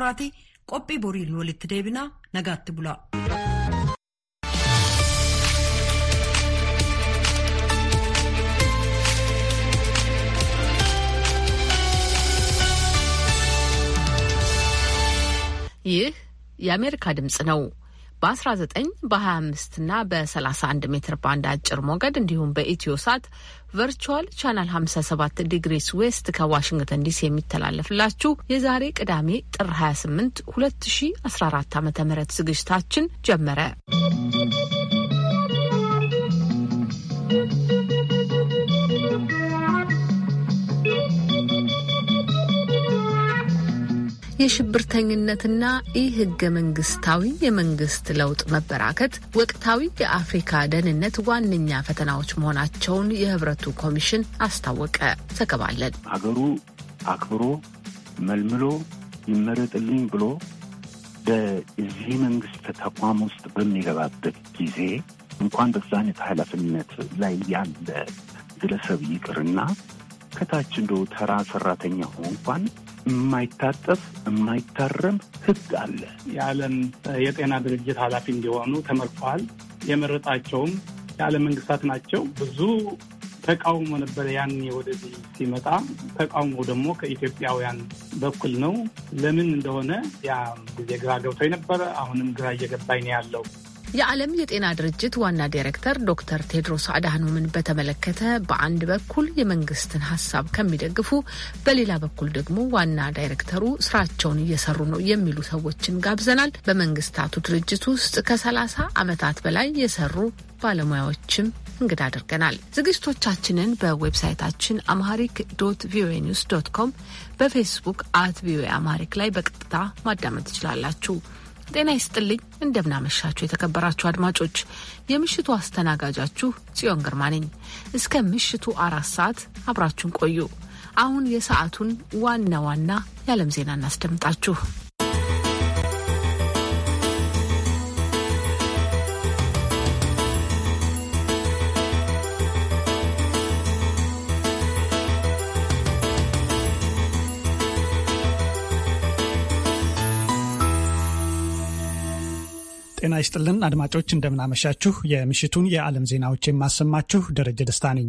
ኩራቲ ቆጵ ቦሪል ወልት ደብና ነጋት ብሏ ይህ የአሜሪካ ድምፅ ነው። በ19 በ25 እና በ31 ሜትር ባንድ አጭር ሞገድ እንዲሁም በኢትዮ ሳት ቨርቹዋል ቻናል 57 ዲግሪስ ዌስት ከዋሽንግተን ዲሲ የሚተላለፍላችሁ የዛሬ ቅዳሜ ጥር 28 2014 ዓ ም ዝግጅታችን ጀመረ። የሽብርተኝነትና ኢ-ህገ መንግስታዊ የመንግስት ለውጥ መበራከት ወቅታዊ የአፍሪካ ደህንነት ዋነኛ ፈተናዎች መሆናቸውን የህብረቱ ኮሚሽን አስታወቀ። ዘገባለን ሀገሩ አክብሮ መልምሎ ይመረጥልኝ ብሎ በዚህ መንግስት ተቋም ውስጥ በሚገባበት ጊዜ እንኳን በዛ አይነት ኃላፊነት ላይ ያለ ግለሰብ ይቅርና ከታች እንደ ተራ ሰራተኛ እንኳን የማይታጠፍ የማይታረም ህግ አለ። የዓለም የጤና ድርጅት ኃላፊ እንዲሆኑ ተመርጠዋል። የመረጣቸውም የዓለም መንግስታት ናቸው። ብዙ ተቃውሞ ነበር ያኔ ወደዚህ ሲመጣ። ተቃውሞ ደግሞ ከኢትዮጵያውያን በኩል ነው። ለምን እንደሆነ ያ ጊዜ ግራ ገብቶኝ ነበረ። አሁንም ግራ እየገባኝ ነው ያለው። የዓለም የጤና ድርጅት ዋና ዳይሬክተር ዶክተር ቴድሮስ አድሃኖምን በተመለከተ በአንድ በኩል የመንግስትን ሀሳብ ከሚደግፉ በሌላ በኩል ደግሞ ዋና ዳይሬክተሩ ስራቸውን እየሰሩ ነው የሚሉ ሰዎችን ጋብዘናል። በመንግስታቱ ድርጅት ውስጥ ከሰላሳ ዓመታት በላይ የሰሩ ባለሙያዎችም እንግዳ አድርገናል። ዝግጅቶቻችንን በዌብሳይታችን አምሃሪክ ዶት ቪኦኤ ኒውስ ዶት ኮም፣ በፌስቡክ አት ቪኦኤ አምሃሪክ ላይ በቀጥታ ማዳመጥ ትችላላችሁ። ጤና ይስጥልኝ። እንደምናመሻችሁ የተከበራችሁ አድማጮች፣ የምሽቱ አስተናጋጃችሁ ጽዮን ግርማ ነኝ። እስከ ምሽቱ አራት ሰዓት አብራችሁን ቆዩ። አሁን የሰዓቱን ዋና ዋና የዓለም ዜና እናስደምጣችሁ። ይስጥልን አድማጮች እንደምናመሻችሁ። የምሽቱን የዓለም ዜናዎች የማሰማችሁ ደረጀ ደስታ ነኝ።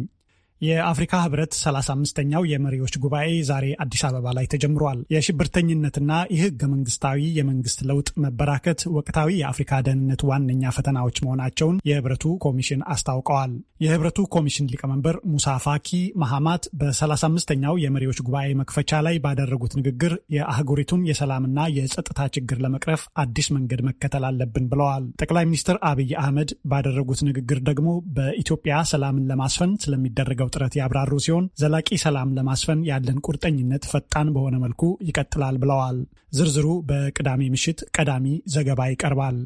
የአፍሪካ ህብረት 35ኛው የመሪዎች ጉባኤ ዛሬ አዲስ አበባ ላይ ተጀምሯል። የሽብርተኝነትና የህገ መንግስታዊ የመንግስት ለውጥ መበራከት ወቅታዊ የአፍሪካ ደህንነት ዋነኛ ፈተናዎች መሆናቸውን የህብረቱ ኮሚሽን አስታውቀዋል። የህብረቱ ኮሚሽን ሊቀመንበር ሙሳ ፋኪ መሐማት በ35ኛው የመሪዎች ጉባኤ መክፈቻ ላይ ባደረጉት ንግግር የአህጉሪቱን የሰላምና የጸጥታ ችግር ለመቅረፍ አዲስ መንገድ መከተል አለብን ብለዋል። ጠቅላይ ሚኒስትር አብይ አህመድ ባደረጉት ንግግር ደግሞ በኢትዮጵያ ሰላምን ለማስፈን ስለሚደረገው ጥረት ያብራሩ ሲሆን ዘላቂ ሰላም ለማስፈን ያለን ቁርጠኝነት ፈጣን በሆነ መልኩ ይቀጥላል ብለዋል። ዝርዝሩ በቅዳሜ ምሽት ቀዳሚ ዘገባ ይቀርባል።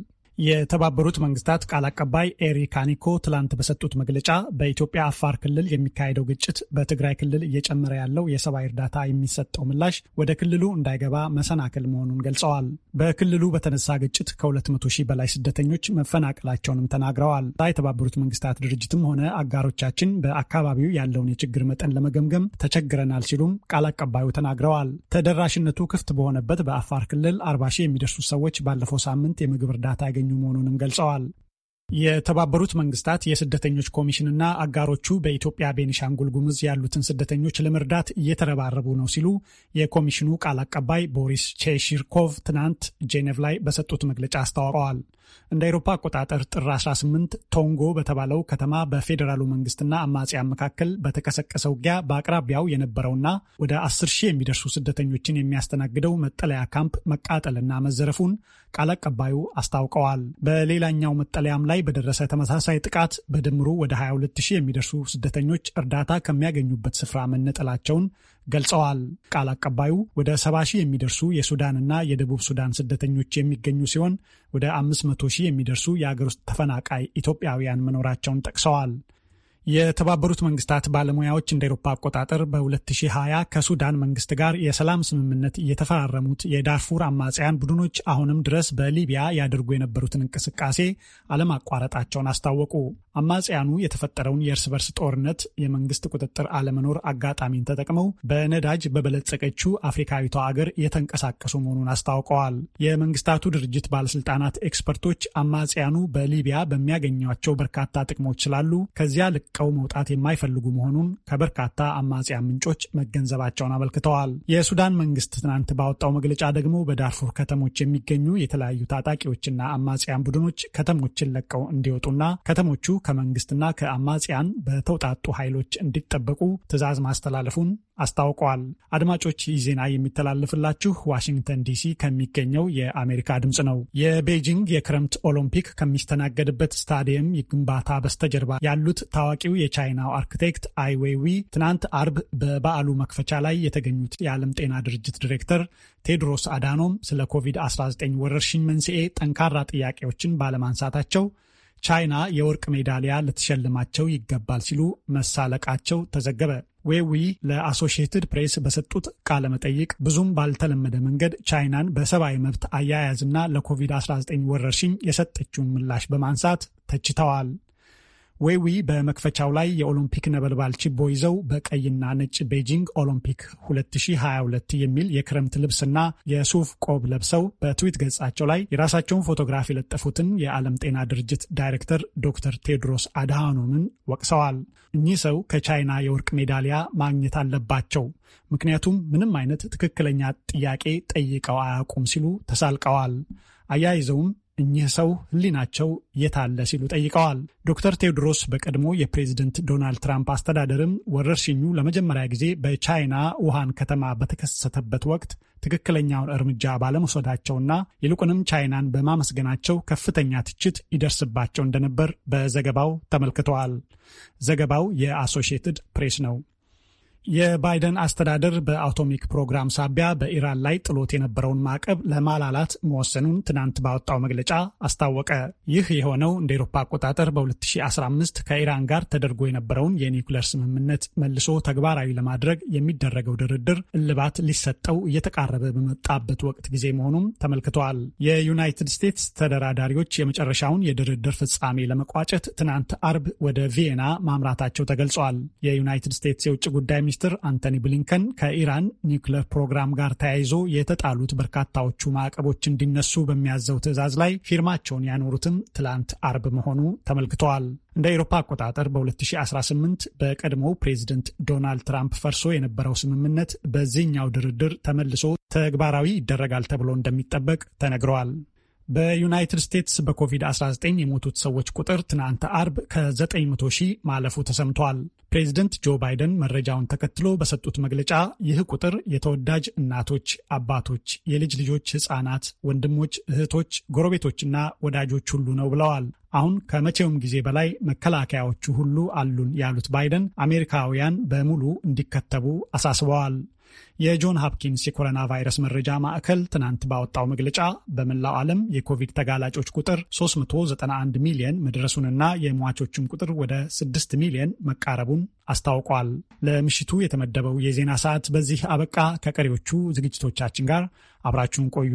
የተባበሩት መንግስታት ቃል አቀባይ ኤሪካኒኮ ካኒኮ ትላንት በሰጡት መግለጫ በኢትዮጵያ አፋር ክልል የሚካሄደው ግጭት በትግራይ ክልል እየጨመረ ያለው የሰብአዊ እርዳታ የሚሰጠው ምላሽ ወደ ክልሉ እንዳይገባ መሰናክል መሆኑን ገልጸዋል። በክልሉ በተነሳ ግጭት ከ200 ሺህ በላይ ስደተኞች መፈናቀላቸውንም ተናግረዋል። የተባበሩት መንግስታት ድርጅትም ሆነ አጋሮቻችን በአካባቢው ያለውን የችግር መጠን ለመገምገም ተቸግረናል ሲሉም ቃል አቀባዩ ተናግረዋል። ተደራሽነቱ ክፍት በሆነበት በአፋር ክልል 40 ሺህ የሚደርሱ ሰዎች ባለፈው ሳምንት የምግብ እርዳታ ያገ እየተገኙ መሆኑንም ገልጸዋል። የተባበሩት መንግስታት የስደተኞች ኮሚሽንና አጋሮቹ በኢትዮጵያ ቤኒሻንጉል ጉሙዝ ያሉትን ስደተኞች ለመርዳት እየተረባረቡ ነው ሲሉ የኮሚሽኑ ቃል አቀባይ ቦሪስ ቼሺርኮቭ ትናንት ጄኔቭ ላይ በሰጡት መግለጫ አስታውቀዋል። እንደ አውሮፓ አቆጣጠር ጥር 18 ቶንጎ በተባለው ከተማ በፌዴራሉ መንግስትና አማጽያን መካከል በተቀሰቀሰ ውጊያ በአቅራቢያው የነበረውና ወደ 10 ሺህ የሚደርሱ ስደተኞችን የሚያስተናግደው መጠለያ ካምፕ መቃጠልና መዘረፉን ቃል አቀባዩ አስታውቀዋል። በሌላኛው መጠለያም ላይ ላይ በደረሰ ተመሳሳይ ጥቃት በድምሩ ወደ 22 የሚደርሱ ስደተኞች እርዳታ ከሚያገኙበት ስፍራ መነጠላቸውን ገልጸዋል። ቃል አቀባዩ ወደ 70 ሺህ የሚደርሱ የሱዳንና የደቡብ ሱዳን ስደተኞች የሚገኙ ሲሆን ወደ 500 ሺህ የሚደርሱ የአገር ውስጥ ተፈናቃይ ኢትዮጵያውያን መኖራቸውን ጠቅሰዋል። የተባበሩት መንግስታት ባለሙያዎች እንደ ኤሮፓ አቆጣጠር በ2020 ከሱዳን መንግስት ጋር የሰላም ስምምነት እየተፈራረሙት የዳርፉር አማጽያን ቡድኖች አሁንም ድረስ በሊቢያ ያደርጉ የነበሩትን እንቅስቃሴ አለማቋረጣቸውን አስታወቁ። አማጽያኑ የተፈጠረውን የእርስ በርስ ጦርነት፣ የመንግስት ቁጥጥር አለመኖር አጋጣሚን ተጠቅመው በነዳጅ በበለጸገችው አፍሪካዊቷ አገር የተንቀሳቀሱ መሆኑን አስታውቀዋል። የመንግስታቱ ድርጅት ባለስልጣናት ኤክስፐርቶች አማጽያኑ በሊቢያ በሚያገኟቸው በርካታ ጥቅሞች ስላሉ ከዚያ ልክ ለቀው መውጣት የማይፈልጉ መሆኑን ከበርካታ አማጽያ ምንጮች መገንዘባቸውን አመልክተዋል። የሱዳን መንግስት ትናንት ባወጣው መግለጫ ደግሞ በዳርፉር ከተሞች የሚገኙ የተለያዩ ታጣቂዎችና አማጽያን ቡድኖች ከተሞችን ለቀው እንዲወጡና ከተሞቹ ከመንግስትና ከአማጽያን በተውጣጡ ኃይሎች እንዲጠበቁ ትዕዛዝ ማስተላለፉን አስታውቀዋል። አድማጮች ይህ ዜና የሚተላለፍላችሁ ዋሽንግተን ዲሲ ከሚገኘው የአሜሪካ ድምፅ ነው። የቤጂንግ የክረምት ኦሎምፒክ ከሚስተናገድበት ስታዲየም ግንባታ በስተጀርባ ያሉት ታዋቂው የቻይናው አርክቴክት አይዌዊ ትናንት አርብ በበዓሉ መክፈቻ ላይ የተገኙት የዓለም ጤና ድርጅት ዲሬክተር ቴድሮስ አዳኖም ስለ ኮቪድ-19 ወረርሽኝ መንስኤ ጠንካራ ጥያቄዎችን ባለማንሳታቸው ቻይና የወርቅ ሜዳሊያ ልትሸልማቸው ይገባል ሲሉ መሳለቃቸው ተዘገበ። ዌዊ ለአሶሺየትድ ፕሬስ በሰጡት ቃለ መጠይቅ ብዙም ባልተለመደ መንገድ ቻይናን በሰብአዊ መብት አያያዝና ለኮቪድ-19 ወረርሽኝ የሰጠችውን ምላሽ በማንሳት ተችተዋል። ዌዊ በመክፈቻው ላይ የኦሎምፒክ ነበልባል ችቦ ይዘው በቀይና ነጭ ቤጂንግ ኦሎምፒክ 2022 የሚል የክረምት ልብስና የሱፍ ቆብ ለብሰው በትዊት ገጻቸው ላይ የራሳቸውን ፎቶግራፍ የለጠፉትን የዓለም ጤና ድርጅት ዳይሬክተር ዶክተር ቴድሮስ አድሃኖምን ወቅሰዋል። እኚህ ሰው ከቻይና የወርቅ ሜዳሊያ ማግኘት አለባቸው፣ ምክንያቱም ምንም አይነት ትክክለኛ ጥያቄ ጠይቀው አያውቁም ሲሉ ተሳልቀዋል። አያይዘውም እኚህ ሰው ህሊናቸው የታለ ሲሉ ጠይቀዋል። ዶክተር ቴዎድሮስ በቀድሞ የፕሬዝደንት ዶናልድ ትራምፕ አስተዳደርም ወረርሽኙ ለመጀመሪያ ጊዜ በቻይና ውሃን ከተማ በተከሰተበት ወቅት ትክክለኛውን እርምጃ ባለመውሰዳቸውና ይልቁንም ቻይናን በማመስገናቸው ከፍተኛ ትችት ይደርስባቸው እንደነበር በዘገባው ተመልክተዋል። ዘገባው የአሶሺየትድ ፕሬስ ነው። የባይደን አስተዳደር በአቶሚክ ፕሮግራም ሳቢያ በኢራን ላይ ጥሎት የነበረውን ማዕቀብ ለማላላት መወሰኑን ትናንት ባወጣው መግለጫ አስታወቀ። ይህ የሆነው እንደ ኤሮፓ አቆጣጠር በ2015 ከኢራን ጋር ተደርጎ የነበረውን የኒውክለር ስምምነት መልሶ ተግባራዊ ለማድረግ የሚደረገው ድርድር እልባት ሊሰጠው እየተቃረበ በመጣበት ወቅት ጊዜ መሆኑም ተመልክተዋል። የዩናይትድ ስቴትስ ተደራዳሪዎች የመጨረሻውን የድርድር ፍጻሜ ለመቋጨት ትናንት አርብ ወደ ቪየና ማምራታቸው ተገልጿል። የዩናይትድ ስቴትስ የውጭ ጉዳይ ሚኒስትር አንቶኒ ብሊንከን ከኢራን ኒውክለር ፕሮግራም ጋር ተያይዞ የተጣሉት በርካታዎቹ ማዕቀቦች እንዲነሱ በሚያዘው ትዕዛዝ ላይ ፊርማቸውን ያኖሩትም ትላንት አርብ መሆኑ ተመልክተዋል። እንደ አውሮፓ አቆጣጠር በ2018 በቀድሞው ፕሬዚደንት ዶናልድ ትራምፕ ፈርሶ የነበረው ስምምነት በዚህኛው ድርድር ተመልሶ ተግባራዊ ይደረጋል ተብሎ እንደሚጠበቅ ተነግረዋል። በዩናይትድ ስቴትስ በኮቪድ-19 የሞቱት ሰዎች ቁጥር ትናንት አርብ ከ900 ሺህ ማለፉ ተሰምቷል። ፕሬዚደንት ጆ ባይደን መረጃውን ተከትሎ በሰጡት መግለጫ ይህ ቁጥር የተወዳጅ እናቶች፣ አባቶች፣ የልጅ ልጆች፣ ሕፃናት፣ ወንድሞች፣ እህቶች፣ ጎረቤቶችና ወዳጆች ሁሉ ነው ብለዋል። አሁን ከመቼውም ጊዜ በላይ መከላከያዎቹ ሁሉ አሉን ያሉት ባይደን አሜሪካውያን በሙሉ እንዲከተቡ አሳስበዋል። የጆን ሀፕኪንስ የኮሮና ቫይረስ መረጃ ማዕከል ትናንት ባወጣው መግለጫ በመላው ዓለም የኮቪድ ተጋላጮች ቁጥር 391 ሚሊየን መድረሱንና የሟቾችም ቁጥር ወደ 6 ሚሊየን መቃረቡን አስታውቋል። ለምሽቱ የተመደበው የዜና ሰዓት በዚህ አበቃ። ከቀሪዎቹ ዝግጅቶቻችን ጋር አብራችሁን ቆዩ።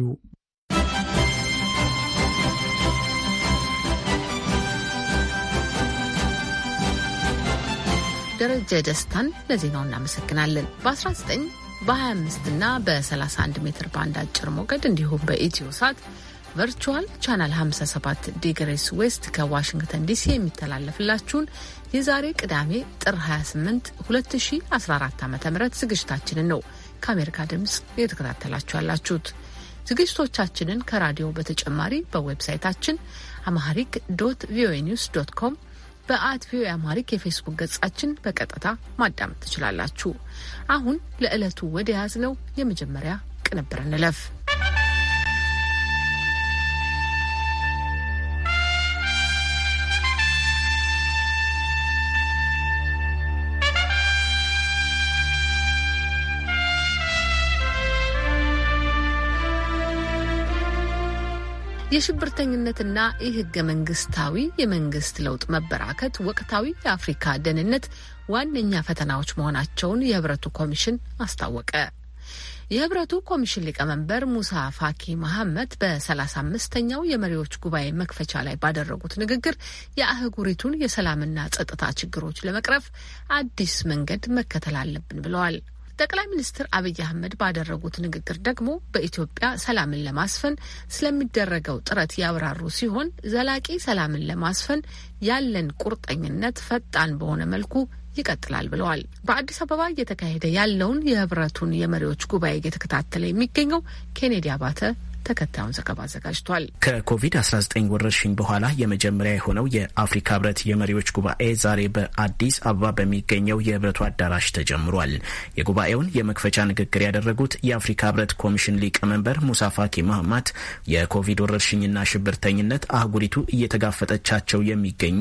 ደረጀ ደስታን ለዜናው እናመሰግናለን። በ19 በ25 እና በ31 ሜትር ባንድ አጭር ሞገድ እንዲሁም በኢትዮ ሳት ቨርቹዋል ቻናል 57 ዲግሪስ ዌስት ከዋሽንግተን ዲሲ የሚተላለፍላችሁን የዛሬ ቅዳሜ ጥር 28 2014 ዓ ም ዝግጅታችንን ነው ከአሜሪካ ድምፅ እየተከታተላችሁ ያላችሁት። ዝግጅቶቻችንን ከራዲዮ በተጨማሪ በዌብሳይታችን አማሪክ ዶት ቪኦኤ ኒውስ ዶት ኮም በአት የአማሪክ አማሪክ የፌስቡክ ገጻችን በቀጥታ ማዳመጥ ትችላላችሁ። አሁን ለዕለቱ ወደ ያዝነው የመጀመሪያ ቅንብር እንለፍ። የሽብርተኝነትና የህገ መንግስታዊ የመንግስት ለውጥ መበራከት ወቅታዊ የአፍሪካ ደህንነት ዋነኛ ፈተናዎች መሆናቸውን የህብረቱ ኮሚሽን አስታወቀ። የህብረቱ ኮሚሽን ሊቀመንበር ሙሳ ፋኪ መሐመድ በሰላሳ አምስተኛው የመሪዎች ጉባኤ መክፈቻ ላይ ባደረጉት ንግግር የአህጉሪቱን የሰላምና ጸጥታ ችግሮች ለመቅረፍ አዲስ መንገድ መከተል አለብን ብለዋል። ጠቅላይ ሚኒስትር አብይ አህመድ ባደረጉት ንግግር ደግሞ በኢትዮጵያ ሰላምን ለማስፈን ስለሚደረገው ጥረት ያብራሩ ሲሆን ዘላቂ ሰላምን ለማስፈን ያለን ቁርጠኝነት ፈጣን በሆነ መልኩ ይቀጥላል ብለዋል። በአዲስ አበባ እየተካሄደ ያለውን የህብረቱን የመሪዎች ጉባኤ እየተከታተለ የሚገኘው ኬኔዲ አባተ ተከታዩን ዘገባ አዘጋጅቷል። ከኮቪድ-19 ወረርሽኝ በኋላ የመጀመሪያ የሆነው የአፍሪካ ህብረት የመሪዎች ጉባኤ ዛሬ በአዲስ አበባ በሚገኘው የህብረቱ አዳራሽ ተጀምሯል። የጉባኤውን የመክፈቻ ንግግር ያደረጉት የአፍሪካ ህብረት ኮሚሽን ሊቀመንበር ሙሳ ፋኪ ማህማት የኮቪድ ወረርሽኝና ሽብርተኝነት አህጉሪቱ እየተጋፈጠቻቸው የሚገኙ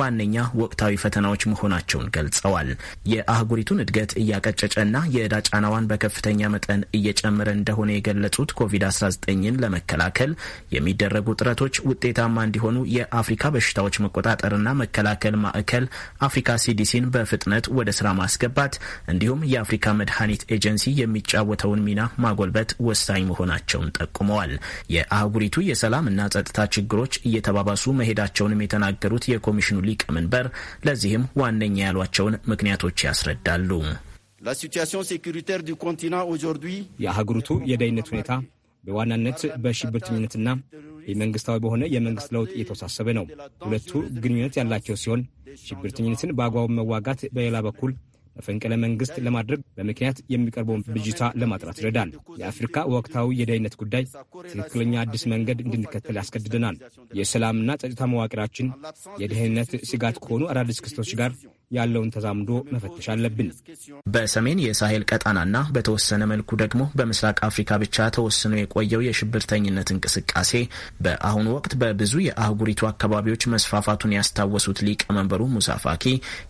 ዋነኛ ወቅታዊ ፈተናዎች መሆናቸውን ገልጸዋል። የአህጉሪቱን እድገት እያቀጨጨና የዕዳ ጫናዋን በከፍተኛ መጠን እየጨመረ እንደሆነ የገለጹት ኮቪድ-19 ወረርሽኝን ለመከላከል የሚደረጉ ጥረቶች ውጤታማ እንዲሆኑ የአፍሪካ በሽታዎች መቆጣጠርና መከላከል ማዕከል አፍሪካ ሲዲሲን በፍጥነት ወደ ስራ ማስገባት እንዲሁም የአፍሪካ መድኃኒት ኤጀንሲ የሚጫወተውን ሚና ማጎልበት ወሳኝ መሆናቸውን ጠቁመዋል። የአህጉሪቱ የሰላም እና ጸጥታ ችግሮች እየተባባሱ መሄዳቸውንም የተናገሩት የኮሚሽኑ ሊቀመንበር ለዚህም ዋነኛ ያሏቸውን ምክንያቶች ያስረዳሉ። የአህጉሪቱ የደህንነት ሁኔታ በዋናነት በሽብርተኝነትና የመንግስታዊ በሆነ የመንግስት ለውጥ እየተወሳሰበ ነው። ሁለቱ ግንኙነት ያላቸው ሲሆን ሽብርተኝነትን በአግባቡ መዋጋት፣ በሌላ በኩል መፈንቅለ መንግስት ለማድረግ በምክንያት የሚቀርበውን ብጅታ ለማጥራት ይረዳል። የአፍሪካ ወቅታዊ የደህንነት ጉዳይ ትክክለኛ አዲስ መንገድ እንድንከተል ያስገድደናል። የሰላምና ጸጥታ መዋቅራችን የደህንነት ስጋት ከሆኑ አዳዲስ ክስተቶች ጋር ያለውን ተዛምዶ መፈተሽ አለብን። በሰሜን የሳሄል ቀጣናና በተወሰነ መልኩ ደግሞ በምስራቅ አፍሪካ ብቻ ተወስኖ የቆየው የሽብርተኝነት እንቅስቃሴ በአሁኑ ወቅት በብዙ የአህጉሪቱ አካባቢዎች መስፋፋቱን ያስታወሱት ሊቀመንበሩ ሙሳፋኪ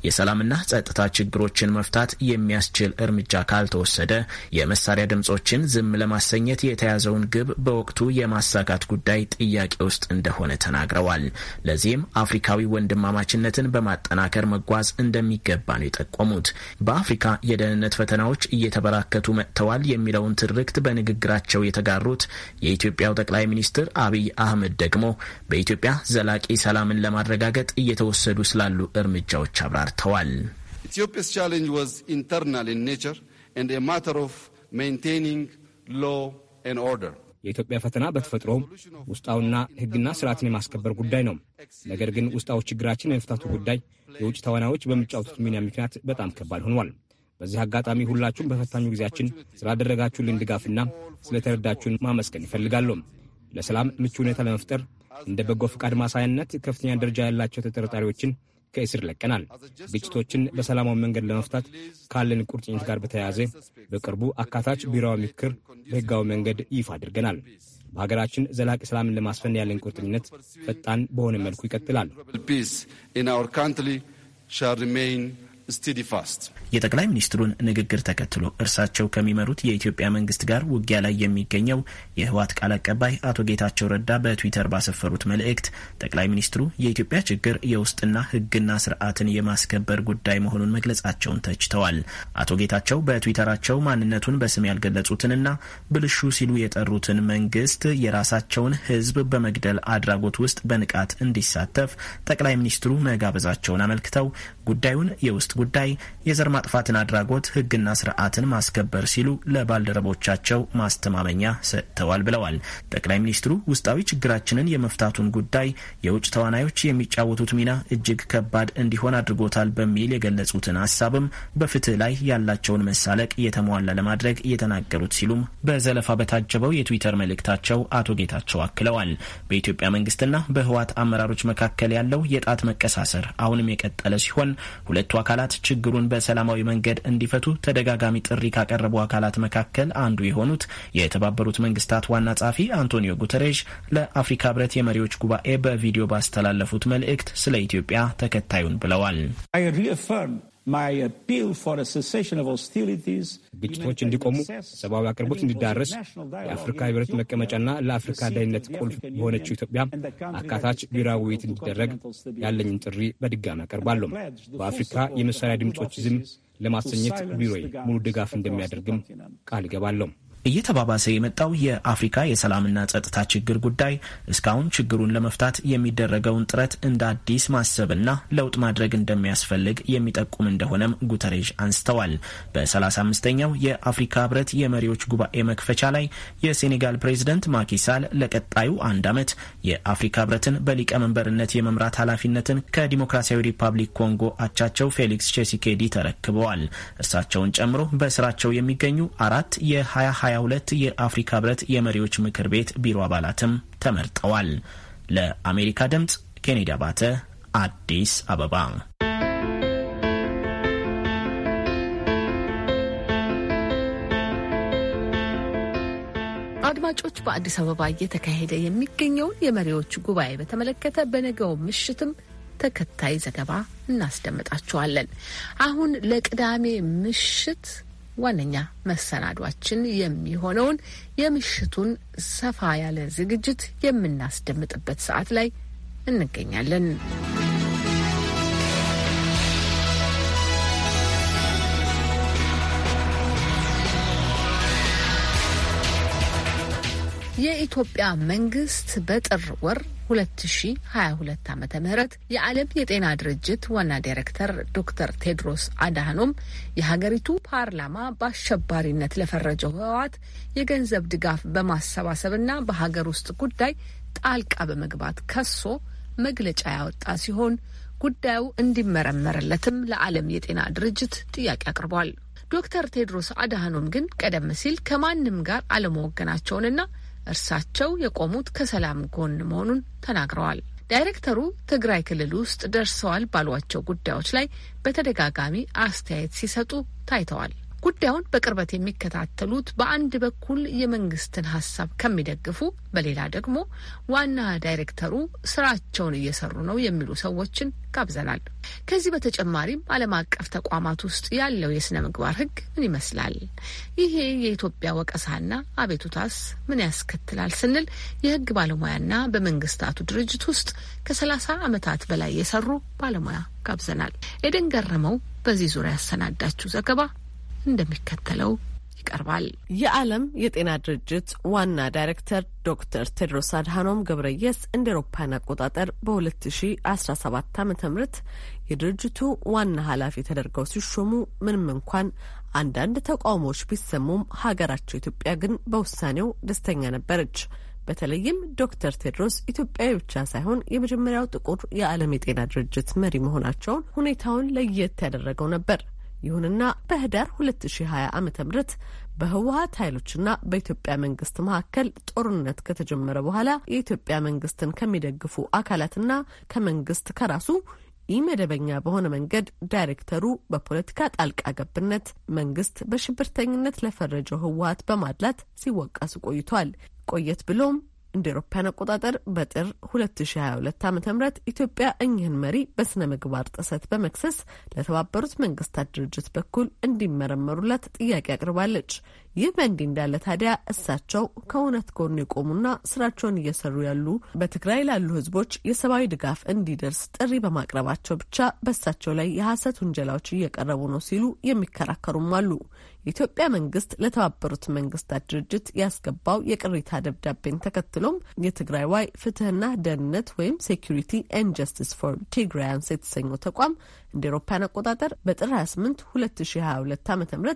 የሰላምና ጸጥታ ችግሮችን መፍታት የሚያስችል እርምጃ ካልተወሰደ የመሳሪያ ድምጾችን ዝም ለማሰኘት የተያዘውን ግብ በወቅቱ የማሳካት ጉዳይ ጥያቄ ውስጥ እንደሆነ ተናግረዋል። ለዚህም አፍሪካዊ ወንድማማችነትን በማጠናከር መጓዝ እንደሚገባ ነው የጠቆሙት። በአፍሪካ የደህንነት ፈተናዎች እየተበራከቱ መጥተዋል የሚለውን ትርክት በንግግራቸው የተጋሩት የኢትዮጵያው ጠቅላይ ሚኒስትር አብይ አህመድ ደግሞ በኢትዮጵያ ዘላቂ ሰላምን ለማረጋገጥ እየተወሰዱ ስላሉ እርምጃዎች አብራርተዋል። ኢትዮጵያስ ቻሌንጅ ዋዝ ኢንተርናል ኢን ኔቸር ኤንድ ኤ ማተር ኦፍ ሜንቴኒንግ ሎ ኤንድ ኦርደር የኢትዮጵያ ፈተና በተፈጥሮ ውስጣውና ሕግና ስርዓትን የማስከበር ጉዳይ ነው። ነገር ግን ውስጣው ችግራችን የመፍታቱ ጉዳይ የውጭ ተዋናዮች በሚጫወቱት ሚና ምክንያት በጣም ከባድ ሆኗል። በዚህ አጋጣሚ ሁላችሁም በፈታኙ ጊዜያችን ስላደረጋችሁልን ድጋፍና ስለተረዳችሁን ማመስገን ይፈልጋሉ። ለሰላም ምቹ ሁኔታ ለመፍጠር እንደ በጎ ፈቃድ ማሳያነት ከፍተኛ ደረጃ ያላቸው ተጠርጣሪዎችን ከእስር ለቀናል። ግጭቶችን በሰላማዊ መንገድ ለመፍታት ካለን ቁርጠኝነት ጋር በተያያዘ በቅርቡ አካታች ብሔራዊ ምክክር በህጋዊ መንገድ ይፋ አድርገናል። በሀገራችን ዘላቂ ሰላምን ለማስፈን ያለን ቁርጠኝነት ፈጣን በሆነ መልኩ ይቀጥላል። የጠቅላይ ሚኒስትሩን ንግግር ተከትሎ እርሳቸው ከሚመሩት የኢትዮጵያ መንግስት ጋር ውጊያ ላይ የሚገኘው የህወሓት ቃል አቀባይ አቶ ጌታቸው ረዳ በትዊተር ባሰፈሩት መልእክት ጠቅላይ ሚኒስትሩ የኢትዮጵያ ችግር የውስጥና ህግና ስርዓትን የማስከበር ጉዳይ መሆኑን መግለጻቸውን ተችተዋል። አቶ ጌታቸው በትዊተራቸው ማንነቱን በስም ያልገለጹትንና ብልሹ ሲሉ የጠሩትን መንግስት የራሳቸውን ህዝብ በመግደል አድራጎት ውስጥ በንቃት እንዲሳተፍ ጠቅላይ ሚኒስትሩ መጋበዛቸውን አመልክተው ጉዳዩን የውስጥ ጉዳይ የዘር ማጥፋትን አድራጎት ህግና ስርዓትን ማስከበር ሲሉ ለባልደረቦቻቸው ማስተማመኛ ሰጥተዋል ብለዋል። ጠቅላይ ሚኒስትሩ ውስጣዊ ችግራችንን የመፍታቱን ጉዳይ የውጭ ተዋናዮች የሚጫወቱት ሚና እጅግ ከባድ እንዲሆን አድርጎታል በሚል የገለጹትን ሀሳብም በፍትህ ላይ ያላቸውን መሳለቅ እየተሟላ ለማድረግ እየተናገሩት ሲሉም በዘለፋ በታጀበው የትዊተር መልእክታቸው አቶ ጌታቸው አክለዋል። በኢትዮጵያ መንግስትና በህወሓት አመራሮች መካከል ያለው የጣት መቀሳሰር አሁንም የቀጠለ ሲሆን ሁለቱ አካላት አካላት ችግሩን በሰላማዊ መንገድ እንዲፈቱ ተደጋጋሚ ጥሪ ካቀረቡ አካላት መካከል አንዱ የሆኑት የተባበሩት መንግስታት ዋና ጸሐፊ አንቶኒዮ ጉተሬዥ ለአፍሪካ ህብረት የመሪዎች ጉባኤ በቪዲዮ ባስተላለፉት መልእክት ስለ ኢትዮጵያ ተከታዩን ብለዋል። ግጭቶች እንዲቆሙ፣ ሰብአዊ አቅርቦት እንዲዳረስ የአፍሪካ ህብረት መቀመጫና ለአፍሪካ ዳይነት ቁልፍ በሆነችው ኢትዮጵያ አካታች ብሔራዊ ውይይት እንዲደረግ ያለኝን ጥሪ በድጋሚ አቀርባለሁ። በአፍሪካ የመሳሪያ ድምፆች ዝም ለማሰኘት ቢሮዬ ሙሉ ድጋፍ እንደሚያደርግም ቃል እገባለሁ። እየተባባሰ የመጣው የአፍሪካ የሰላምና ጸጥታ ችግር ጉዳይ እስካሁን ችግሩን ለመፍታት የሚደረገውን ጥረት እንደ አዲስ ማሰብና ለውጥ ማድረግ እንደሚያስፈልግ የሚጠቁም እንደሆነም ጉተሬዥ አንስተዋል። በ35ኛው የአፍሪካ ህብረት የመሪዎች ጉባኤ መክፈቻ ላይ የሴኔጋል ፕሬዚደንት ማኪሳል ለቀጣዩ አንድ ዓመት የአፍሪካ ህብረትን በሊቀመንበርነት የመምራት ኃላፊነትን ከዲሞክራሲያዊ ሪፐብሊክ ኮንጎ አቻቸው ፌሊክስ ቼሲኬዲ ተረክበዋል። እርሳቸውን ጨምሮ በስራቸው የሚገኙ አራት የ2020 22 የአፍሪካ ህብረት የመሪዎች ምክር ቤት ቢሮ አባላትም ተመርጠዋል። ለአሜሪካ ድምፅ ኬኔዲ አባተ አዲስ አበባ። አድማጮች በአዲስ አበባ እየተካሄደ የሚገኘውን የመሪዎች ጉባኤ በተመለከተ በነገው ምሽትም ተከታይ ዘገባ እናስደምጣችኋለን። አሁን ለቅዳሜ ምሽት ዋነኛ መሰናዷችን የሚሆነውን የምሽቱን ሰፋ ያለ ዝግጅት የምናስደምጥበት ሰዓት ላይ እንገኛለን። የኢትዮጵያ መንግስት በጥር ወር 2022 ዓ ም የዓለም የጤና ድርጅት ዋና ዳይሬክተር ዶክተር ቴድሮስ አድሃኖም የሀገሪቱ ፓርላማ በአሸባሪነት ለፈረጀው ህወሓት የገንዘብ ድጋፍ በማሰባሰብና በሀገር ውስጥ ጉዳይ ጣልቃ በመግባት ከሶ መግለጫ ያወጣ ሲሆን ጉዳዩ እንዲመረመርለትም ለዓለም የጤና ድርጅት ጥያቄ አቅርቧል። ዶክተር ቴድሮስ አድሃኖም ግን ቀደም ሲል ከማንም ጋር አለመወገናቸውንና እርሳቸው የቆሙት ከሰላም ጎን መሆኑን ተናግረዋል። ዳይሬክተሩ ትግራይ ክልል ውስጥ ደርሰዋል ባሏቸው ጉዳዮች ላይ በተደጋጋሚ አስተያየት ሲሰጡ ታይተዋል። ጉዳዩን በቅርበት የሚከታተሉት በአንድ በኩል የመንግስትን ሀሳብ ከሚደግፉ፣ በሌላ ደግሞ ዋና ዳይሬክተሩ ስራቸውን እየሰሩ ነው የሚሉ ሰዎችን ጋብዘናል። ከዚህ በተጨማሪም ዓለም አቀፍ ተቋማት ውስጥ ያለው የስነ ምግባር ህግ ምን ይመስላል? ይሄ የኢትዮጵያ ወቀሳና አቤቱታስ ምን ያስከትላል? ስንል የህግ ባለሙያና በመንግስታቱ ድርጅት ውስጥ ከሰላሳ ዓመታት በላይ የሰሩ ባለሙያ ጋብዘናል። ኤደን ገረመው በዚህ ዙሪያ ያሰናዳችው ዘገባ እንደሚከተለው ይቀርባል። የዓለም የጤና ድርጅት ዋና ዳይሬክተር ዶክተር ቴድሮስ አድሃኖም ገብረየስ እንደ ኤሮፓን አቆጣጠር በ2017 ዓ ም የድርጅቱ ዋና ኃላፊ ተደርገው ሲሾሙ ምንም እንኳን አንዳንድ ተቃውሞዎች ቢሰሙም ሀገራቸው ኢትዮጵያ ግን በውሳኔው ደስተኛ ነበረች። በተለይም ዶክተር ቴድሮስ ኢትዮጵያዊ ብቻ ሳይሆን የመጀመሪያው ጥቁር የዓለም የጤና ድርጅት መሪ መሆናቸውን ሁኔታውን ለየት ያደረገው ነበር። ይሁንና በህዳር 2020 ዓ ም በህወሀት ኃይሎችና በኢትዮጵያ መንግስት መካከል ጦርነት ከተጀመረ በኋላ የኢትዮጵያ መንግስትን ከሚደግፉ አካላትና ከመንግስት ከራሱ ኢመደበኛ በሆነ መንገድ ዳይሬክተሩ በፖለቲካ ጣልቃ ገብነት መንግስት በሽብርተኝነት ለፈረጀው ህወሀት በማድላት ሲወቀሱ ቆይቷል። ቆየት ብሎም እንደ ኤሮፓያን አቆጣጠር በጥር 2022 ዓ ም ኢትዮጵያ እኚህን መሪ በስነ ምግባር ጥሰት በመክሰስ ለተባበሩት መንግስታት ድርጅት በኩል እንዲመረመሩላት ጥያቄ አቅርባለች። ይህ በእንዲህ እንዳለ ታዲያ እሳቸው ከእውነት ጎን የቆሙና ስራቸውን እየሰሩ ያሉ በትግራይ ላሉ ህዝቦች የሰብአዊ ድጋፍ እንዲደርስ ጥሪ በማቅረባቸው ብቻ በእሳቸው ላይ የሐሰት ውንጀላዎች እየቀረቡ ነው ሲሉ የሚከራከሩም አሉ። የኢትዮጵያ መንግስት ለተባበሩት መንግስታት ድርጅት ያስገባው የቅሬታ ደብዳቤን ተከትሎም የትግራይ ዋይ ፍትህና ደህንነት ወይም ሴኩሪቲ ኤንድ ጀስቲስ ፎር ቲግራያንስ የተሰኘው ተቋም እንደ ኤሮፓያን አቆጣጠር በጥር 28 2022 ዓ ም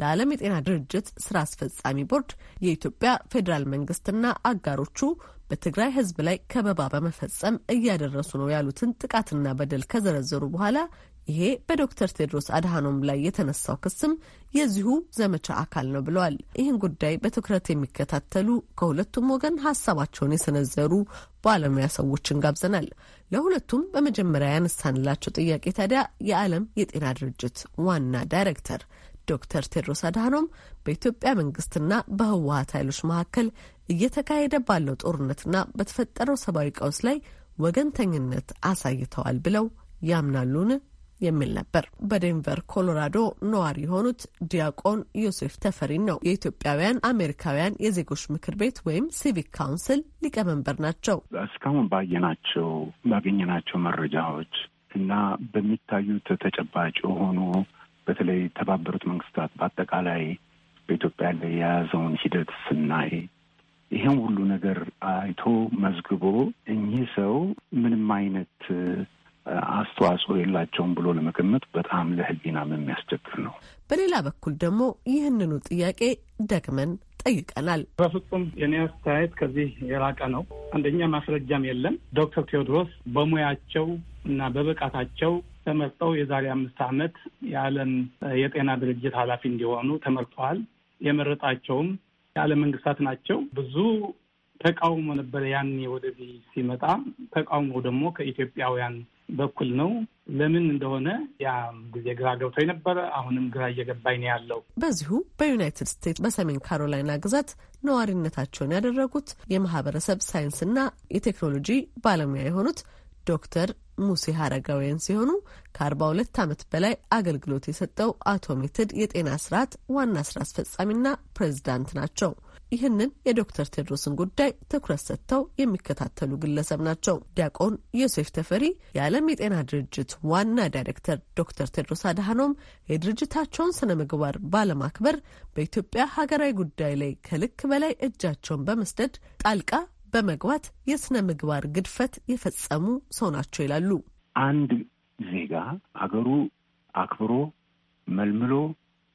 ለዓለም የጤና ድርጅት ስራ አስፈጻሚ ቦርድ የኢትዮጵያ ፌዴራል መንግስትና አጋሮቹ በትግራይ ህዝብ ላይ ከበባ በመፈጸም እያደረሱ ነው ያሉትን ጥቃትና በደል ከዘረዘሩ በኋላ ይሄ በዶክተር ቴድሮስ አድሃኖም ላይ የተነሳው ክስም የዚሁ ዘመቻ አካል ነው ብለዋል። ይህን ጉዳይ በትኩረት የሚከታተሉ ከሁለቱም ወገን ሀሳባቸውን የሰነዘሩ ባለሙያ ሰዎችን ጋብዘናል። ለሁለቱም በመጀመሪያ ያነሳንላቸው ጥያቄ ታዲያ የዓለም የጤና ድርጅት ዋና ዳይሬክተር ዶክተር ቴድሮስ አድሃኖም በኢትዮጵያ መንግስትና በህወሀት ኃይሎች መካከል እየተካሄደ ባለው ጦርነትና በተፈጠረው ሰብአዊ ቀውስ ላይ ወገንተኝነት አሳይተዋል ብለው ያምናሉን የሚል ነበር። በዴንቨር ኮሎራዶ ነዋሪ የሆኑት ዲያቆን ዮሴፍ ተፈሪን ነው። የኢትዮጵያውያን አሜሪካውያን የዜጎች ምክር ቤት ወይም ሲቪክ ካውንስል ሊቀመንበር ናቸው። እስካሁን ባየናቸው ባገኘናቸው መረጃዎች እና በሚታዩት ተጨባጭ የሆኑ በተለይ የተባበሩት መንግስታት በአጠቃላይ በኢትዮጵያ ላይ የያዘውን ሂደት ስናይ ይህም ሁሉ ነገር አይቶ መዝግቦ እኚህ ሰው ምንም አይነት አስተዋጽኦ የላቸውም ብሎ ለመገመት በጣም ለሕሊናም የሚያስቸግር ነው። በሌላ በኩል ደግሞ ይህንኑ ጥያቄ ደግመን ጠይቀናል። በፍጹም የኔ አስተያየት ከዚህ የራቀ ነው። አንደኛ ማስረጃም የለም። ዶክተር ቴዎድሮስ በሙያቸው እና በብቃታቸው ተመርጠው የዛሬ አምስት ዓመት የዓለም የጤና ድርጅት ኃላፊ እንዲሆኑ ተመርጠዋል። የመረጣቸውም የዓለም መንግስታት ናቸው። ብዙ ተቃውሞ ነበረ ያኔ ወደዚህ ሲመጣ። ተቃውሞ ደግሞ ከኢትዮጵያውያን በኩል ነው። ለምን እንደሆነ ያ ጊዜ ግራ ገብቶ ነበረ። አሁንም ግራ እየገባኝ ነው ያለው። በዚሁ በዩናይትድ ስቴትስ በሰሜን ካሮላይና ግዛት ነዋሪነታቸውን ያደረጉት የማህበረሰብ ሳይንስና የቴክኖሎጂ ባለሙያ የሆኑት ዶክተር ሙሴ ሀረጋውያን ሲሆኑ ከ42 ዓመት በላይ አገልግሎት የሰጠው አቶ ሜትድ የጤና ስርዓት ዋና ስራ አስፈጻሚና ፕሬዝዳንት ናቸው። ይህንን የዶክተር ቴድሮስን ጉዳይ ትኩረት ሰጥተው የሚከታተሉ ግለሰብ ናቸው። ዲያቆን ዮሴፍ ተፈሪ የዓለም የጤና ድርጅት ዋና ዳይሬክተር ዶክተር ቴድሮስ አድሃኖም የድርጅታቸውን ስነ ምግባር ባለማክበር በኢትዮጵያ ሀገራዊ ጉዳይ ላይ ከልክ በላይ እጃቸውን በመስደድ ጣልቃ በመግባት የስነ ምግባር ግድፈት የፈጸሙ ሰው ናቸው ይላሉ። አንድ ዜጋ አገሩ አክብሮ መልምሎ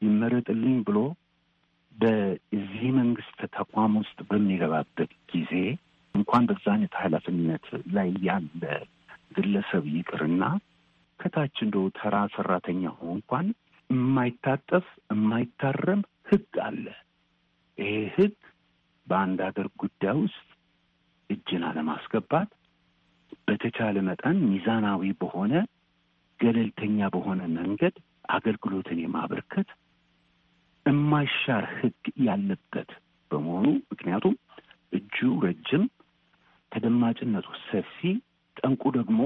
ይመረጥልኝ ብሎ በዚህ መንግስት ተቋም ውስጥ በሚገባበት ጊዜ እንኳን በዛ አይነት ኃላፊነት ላይ ያለ ግለሰብ ይቅርና ከታች እንደው ተራ ሰራተኛ እንኳን የማይታጠፍ የማይታረም ህግ አለ። ይሄ ህግ በአንድ ሀገር ጉዳይ ውስጥ እጅን አለማስገባት በተቻለ መጠን ሚዛናዊ በሆነ ገለልተኛ በሆነ መንገድ አገልግሎትን የማበርከት የማይሻር ህግ ያለበት በመሆኑ ምክንያቱም እጁ ረጅም፣ ተደማጭነቱ ሰፊ፣ ጠንቁ ደግሞ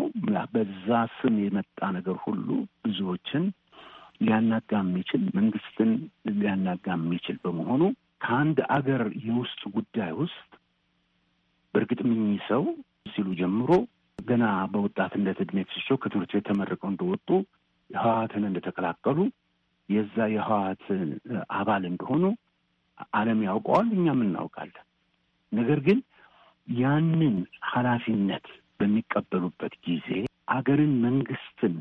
በዛ ስም የመጣ ነገር ሁሉ ብዙዎችን ሊያናጋ የሚችል መንግስትን ሊያናጋ የሚችል በመሆኑ ከአንድ አገር የውስጥ ጉዳይ ውስጥ በእርግጥም እኚህ ሰው ሲሉ ጀምሮ ገና በወጣትነት እድሜ ፍሶ ከትምህርት ቤት ተመርቀው እንደወጡ የህወሀትን እንደተቀላቀሉ የዛ የህወሀት አባል እንደሆኑ ዓለም ያውቀዋል፣ እኛም እናውቃለን። ነገር ግን ያንን ኃላፊነት በሚቀበሉበት ጊዜ አገርን፣ መንግስትን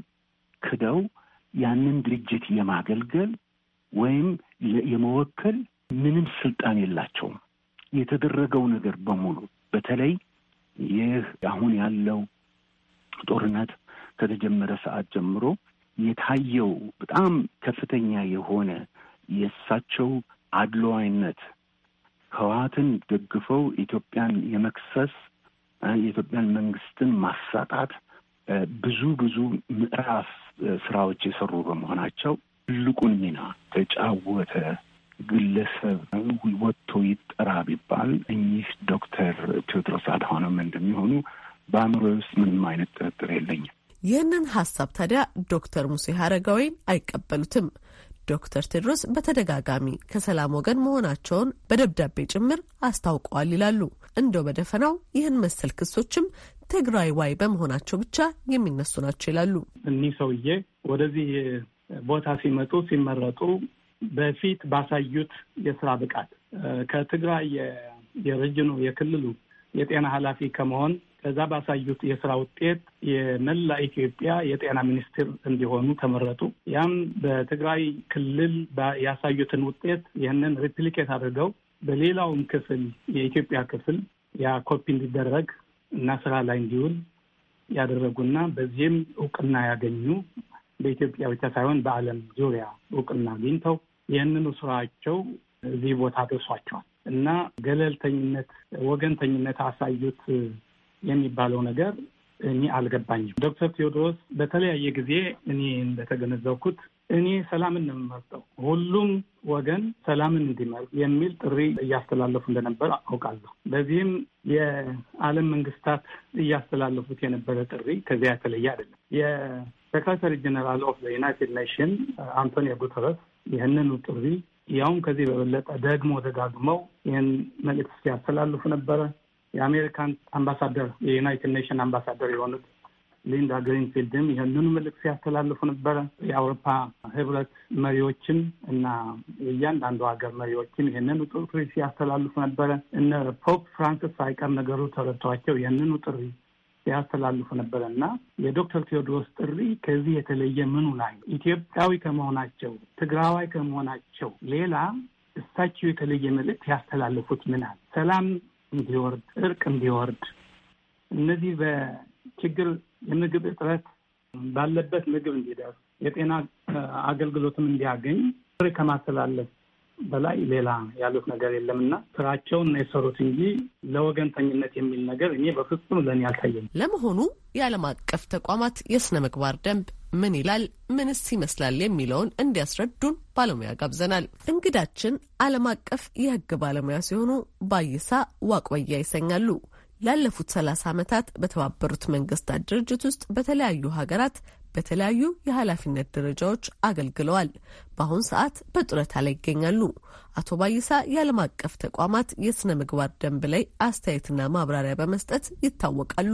ክደው ያንን ድርጅት የማገልገል ወይም የመወከል ምንም ስልጣን የላቸውም። የተደረገው ነገር በሙሉ በተለይ ይህ አሁን ያለው ጦርነት ከተጀመረ ሰዓት ጀምሮ የታየው በጣም ከፍተኛ የሆነ የእሳቸው አድሏዊነት ህወሓትን ደግፈው ኢትዮጵያን የመክሰስ የኢትዮጵያን መንግስትን ማሳጣት ብዙ ብዙ ምዕራፍ ስራዎች የሰሩ በመሆናቸው ትልቁን ሚና ተጫወተ ግለሰብ ወጥቶ ይጠራ ቢባል እኚህ ዶክተር ቴዎድሮስ አድሃኖም እንደሚሆኑ በአእምሮ ውስጥ ምንም አይነት ጥርጥር የለኝም። ይህንን ሀሳብ ታዲያ ዶክተር ሙሴ ሀረጋዊን አይቀበሉትም። ዶክተር ቴድሮስ በተደጋጋሚ ከሰላም ወገን መሆናቸውን በደብዳቤ ጭምር አስታውቀዋል ይላሉ። እንደው በደፈናው ይህን መሰል ክሶችም ትግራይ ዋይ በመሆናቸው ብቻ የሚነሱ ናቸው ይላሉ። እኒህ ሰውዬ ወደዚህ ቦታ ሲመጡ ሲመረጡ በፊት ባሳዩት የስራ ብቃት ከትግራይ የረጅኑ የክልሉ የጤና ኃላፊ ከመሆን ከዛ ባሳዩት የስራ ውጤት የመላ ኢትዮጵያ የጤና ሚኒስትር እንዲሆኑ ተመረጡ። ያም በትግራይ ክልል ያሳዩትን ውጤት ይህንን ሪፕሊኬት አድርገው በሌላውም ክፍል የኢትዮጵያ ክፍል ያ ኮፒ እንዲደረግ እና ስራ ላይ እንዲውል ያደረጉና በዚህም እውቅና ያገኙ በኢትዮጵያ ብቻ ሳይሆን በዓለም ዙሪያ እውቅና አግኝተው ይህንኑ ስራቸው እዚህ ቦታ ደርሷቸዋል እና ገለልተኝነት፣ ወገንተኝነት አሳዩት የሚባለው ነገር እኔ አልገባኝም። ዶክተር ቴዎድሮስ በተለያየ ጊዜ እኔ እንደተገነዘብኩት እኔ ሰላምን ነው የምመርጠው፣ ሁሉም ወገን ሰላምን እንዲመርጥ የሚል ጥሪ እያስተላለፉ እንደነበር አውቃለሁ። በዚህም የዓለም መንግስታት እያስተላለፉት የነበረ ጥሪ ከዚያ የተለየ አይደለም። ሴክሬታሪ ጀነራል ኦፍ ዩናይትድ ኔሽን አንቶኒዮ ጉተረስ ይህንን ጥሪ ያውም ከዚህ በበለጠ ደግሞ ደጋግመው ይህን መልእክት ሲያስተላልፉ ነበረ። የአሜሪካን አምባሳደር የዩናይትድ ኔሽን አምባሳደር የሆኑት ሊንዳ ግሪንፊልድም ይህንኑ መልእክት ሲያስተላልፉ ነበረ። የአውሮፓ ህብረት መሪዎችም እና የእያንዳንዱ ሀገር መሪዎችም ይህንኑ ጥሪ ሲያስተላልፉ ነበረ። እነ ፖፕ ፍራንክስ አይቀር ነገሩ ተረድቷቸው ይህንኑ ጥሪ ያስተላልፉ ነበረ እና የዶክተር ቴዎድሮስ ጥሪ ከዚህ የተለየ ምኑ ላይ ኢትዮጵያዊ ከመሆናቸው ትግራዋይ ከመሆናቸው ሌላ እሳቸው የተለየ መልእክት ያስተላልፉት ምናል ሰላም እንዲወርድ እርቅ እንዲወርድ እነዚህ በችግር የምግብ እጥረት ባለበት ምግብ እንዲደርስ የጤና አገልግሎትም እንዲያገኝ ጥሪ ከማስተላለፍ በላይ ሌላ ያሉት ነገር የለምና እና ስራቸውን የሰሩት እንጂ ለወገንተኝነት የሚል ነገር እኔ በፍጹም ለእኔ አልታየም። ለመሆኑ የዓለም አቀፍ ተቋማት የስነ ምግባር ደንብ ምን ይላል፣ ምንስ ይመስላል የሚለውን እንዲያስረዱን ባለሙያ ጋብዘናል። እንግዳችን ዓለም አቀፍ የህግ ባለሙያ ሲሆኑ ባይሳ ዋቅበያ ይሰኛሉ። ላለፉት ሰላሳ ዓመታት በተባበሩት መንግስታት ድርጅት ውስጥ በተለያዩ ሀገራት በተለያዩ የኃላፊነት ደረጃዎች አገልግለዋል። በአሁን ሰዓት በጡረታ ላይ ይገኛሉ። አቶ ባይሳ የዓለም አቀፍ ተቋማት የሥነ ምግባር ደንብ ላይ አስተያየትና ማብራሪያ በመስጠት ይታወቃሉ።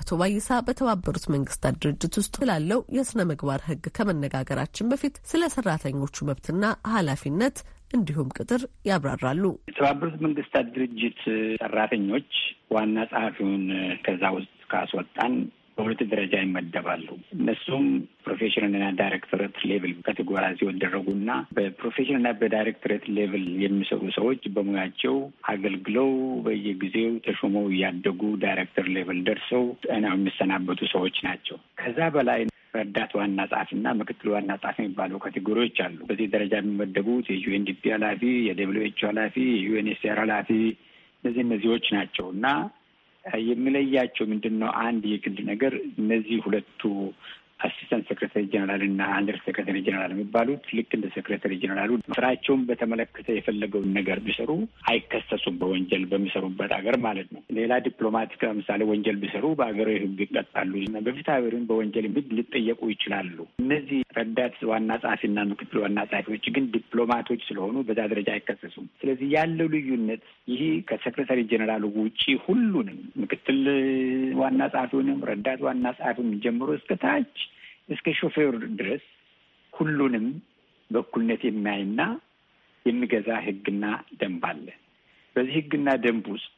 አቶ ባይሳ በተባበሩት መንግስታት ድርጅት ውስጥ ስላለው የሥነ ምግባር ሕግ ከመነጋገራችን በፊት ስለ ሰራተኞቹ መብትና ኃላፊነት እንዲሁም ቅጥር ያብራራሉ። የተባበሩት መንግስታት ድርጅት ሰራተኞች ዋና ጸሐፊውን ከዛ ውስጥ ካስወጣን በሁለት ደረጃ ይመደባሉ። እነሱም ፕሮፌሽናልና ዳይሬክተሬት ሌቭል ካቴጎራይዝ ሲወደረጉና በፕሮፌሽናልና በዳይሬክተሬት ሌቭል የሚሰሩ ሰዎች በሙያቸው አገልግለው በየጊዜው ተሾመው እያደጉ ዳይሬክተር ሌቭል ደርሰው ጤናው የሚሰናበቱ ሰዎች ናቸው። ከዛ በላይ ረዳት ዋና ጸሐፊና ምክትል ዋና ጸሐፊ የሚባሉ ካቴጎሪዎች አሉ። በዚህ ደረጃ የሚመደቡት የዩኤንዲፒ ኃላፊ፣ የደብሊው ኤች ኦ ኃላፊ፣ የዩኤንኤችሲአር ኃላፊ እነዚህ እነዚዎች ናቸው እና የሚለያቸው ምንድን ነው? አንድ የግል ነገር እነዚህ ሁለቱ አሲስተንት ሴክሬታሪ ጀኔራል እና አንደር ሴክሬታሪ ጀኔራል የሚባሉት ልክ እንደ ሴክሬታሪ ጀኔራሉ ስራቸውን በተመለከተ የፈለገውን ነገር ቢሰሩ አይከሰሱም፣ በወንጀል በሚሰሩበት ሀገር ማለት ነው። ሌላ ዲፕሎማቲክ ለምሳሌ ወንጀል ቢሰሩ በሀገራዊ ሕግ ይቀጣሉ። በፊት በወንጀል ሕግ ሊጠየቁ ይችላሉ። እነዚህ ረዳት ዋና ጸሐፊና ምክትል ዋና ጸሐፊዎች ግን ዲፕሎማቶች ስለሆኑ በዛ ደረጃ አይከሰሱም። ስለዚህ ያለው ልዩነት ይህ ከሴክሬታሪ ጀኔራሉ ውጪ ሁሉንም ምክትል ዋና ጸሐፊውንም ረዳት ዋና ጸሐፊውን ጀምሮ እስከ ታች እስከ ሾፌር ድረስ ሁሉንም በእኩልነት የሚያይና የሚገዛ ህግና ደንብ አለ። በዚህ ህግና ደንብ ውስጥ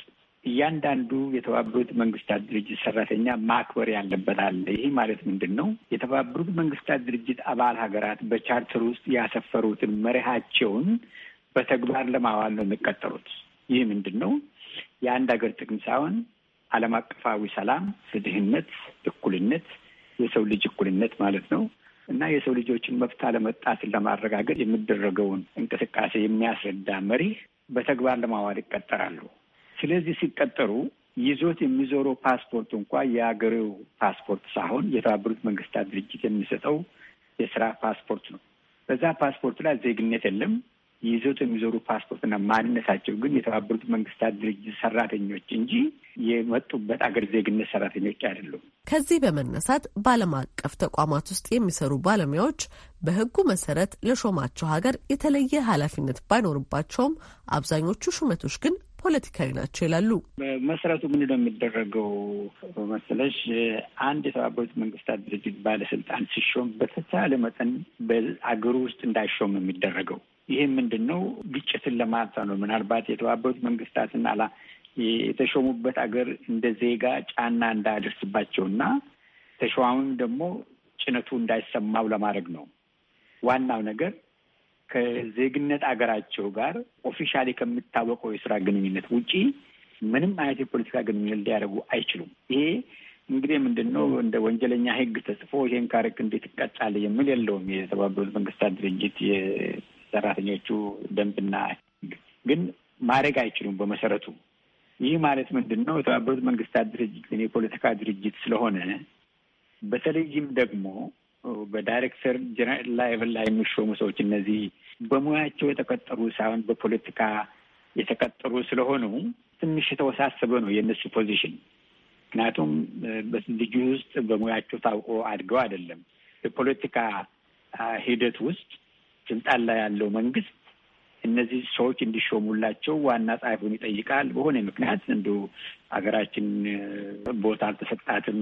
እያንዳንዱ የተባበሩት መንግስታት ድርጅት ሰራተኛ ማክበር ያለበት አለ። ይህ ማለት ምንድን ነው? የተባበሩት መንግስታት ድርጅት አባል ሀገራት በቻርተር ውስጥ ያሰፈሩትን መርሃቸውን በተግባር ለማዋል ነው የሚቀጠሩት። ይህ ምንድን ነው? የአንድ ሀገር ጥቅም ሳይሆን ዓለም አቀፋዊ ሰላም፣ ፍትህነት፣ እኩልነት የሰው ልጅ እኩልነት ማለት ነው እና የሰው ልጆችን መብት አለመጣትን ለማረጋገጥ የሚደረገውን እንቅስቃሴ የሚያስረዳ መሪ በተግባር ለማዋል ይቀጠራሉ። ስለዚህ ሲቀጠሩ ይዞት የሚዞረው ፓስፖርት እንኳ የአገሬው ፓስፖርት ሳይሆን የተባበሩት መንግስታት ድርጅት የሚሰጠው የስራ ፓስፖርት ነው። በዛ ፓስፖርት ላይ ዜግነት የለም፣ ይዘውት የሚዞሩ ፓስፖርትና ማንነታቸው ግን የተባበሩት መንግስታት ድርጅት ሰራተኞች እንጂ የመጡበት አገር ዜግነት ሰራተኞች አይደሉም። ከዚህ በመነሳት በዓለም አቀፍ ተቋማት ውስጥ የሚሰሩ ባለሙያዎች በሕጉ መሰረት ለሾማቸው ሀገር የተለየ ኃላፊነት ባይኖርባቸውም አብዛኞቹ ሹመቶች ግን ፖለቲካዊ ናቸው ይላሉ። መሰረቱ ምን ነው የሚደረገው መሰለሽ? አንድ የተባበሩት መንግስታት ድርጅት ባለስልጣን ሲሾም በተቻለ መጠን በአገሩ ውስጥ እንዳይሾም የሚደረገው ይሄ ምንድን ነው? ግጭትን ለማንሳት ነው። ምናልባት የተባበሩት መንግስታትና አላ የተሾሙበት አገር እንደ ዜጋ ጫና እንዳያደርስባቸውና ተሿሚም ደግሞ ጭነቱ እንዳይሰማው ለማድረግ ነው። ዋናው ነገር ከዜግነት አገራቸው ጋር ኦፊሻሊ ከሚታወቀው የስራ ግንኙነት ውጪ ምንም አይነት የፖለቲካ ግንኙነት ሊያደርጉ አይችሉም። ይሄ እንግዲህ ምንድን ነው እንደ ወንጀለኛ ህግ ተጽፎ ይሄን ካረክ እንዴት ይቀጣል የሚል የለውም። የተባበሩት መንግስታት ድርጅት ሰራተኞቹ ደንብና ግን ማድረግ አይችሉም በመሰረቱ። ይህ ማለት ምንድን ነው? የተባበሩት መንግስታት ድርጅት የፖለቲካ ድርጅት ስለሆነ በተለይም ደግሞ በዳይሬክተር ጀነራል ላይ የሚሾሙ ሰዎች እነዚህ በሙያቸው የተቀጠሩ ሳይሆን በፖለቲካ የተቀጠሩ ስለሆኑ ትንሽ የተወሳሰበ ነው የእነሱ ፖዚሽን። ምክንያቱም በልጁ ውስጥ በሙያቸው ታውቆ አድገው አይደለም። የፖለቲካ ሂደት ውስጥ ስልጣን ላይ ያለው መንግስት እነዚህ ሰዎች እንዲሾሙላቸው ዋና ጸሐፊውን ይጠይቃል። በሆነ ምክንያት እንዲ ሀገራችን ቦታ አልተሰጣትም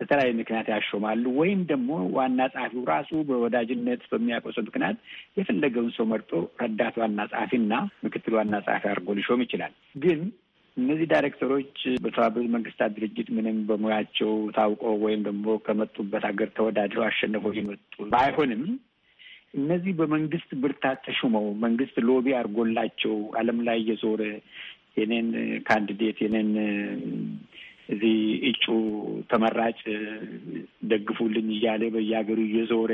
በተለያዩ ምክንያት ያሾማሉ። ወይም ደግሞ ዋና ጸሐፊው ራሱ በወዳጅነት በሚያቆሰ ምክንያት የፈለገውን ሰው መርጦ ረዳት ዋና ጸሐፊና ምክትል ዋና ጸሐፊ አድርጎ ሊሾም ይችላል። ግን እነዚህ ዳይሬክተሮች በተባበሩት መንግስታት ድርጅት ምንም በሙያቸው ታውቀው ወይም ደግሞ ከመጡበት ሀገር ተወዳድረው አሸንፈው የመጡ ባይሆንም እነዚህ በመንግስት ብርታት ተሹመው መንግስት ሎቢ አድርጎላቸው ዓለም ላይ እየዞረ የኔን ካንዲዴት የኔን እዚህ እጩ ተመራጭ ደግፉልኝ እያለ በየሀገሩ እየዞረ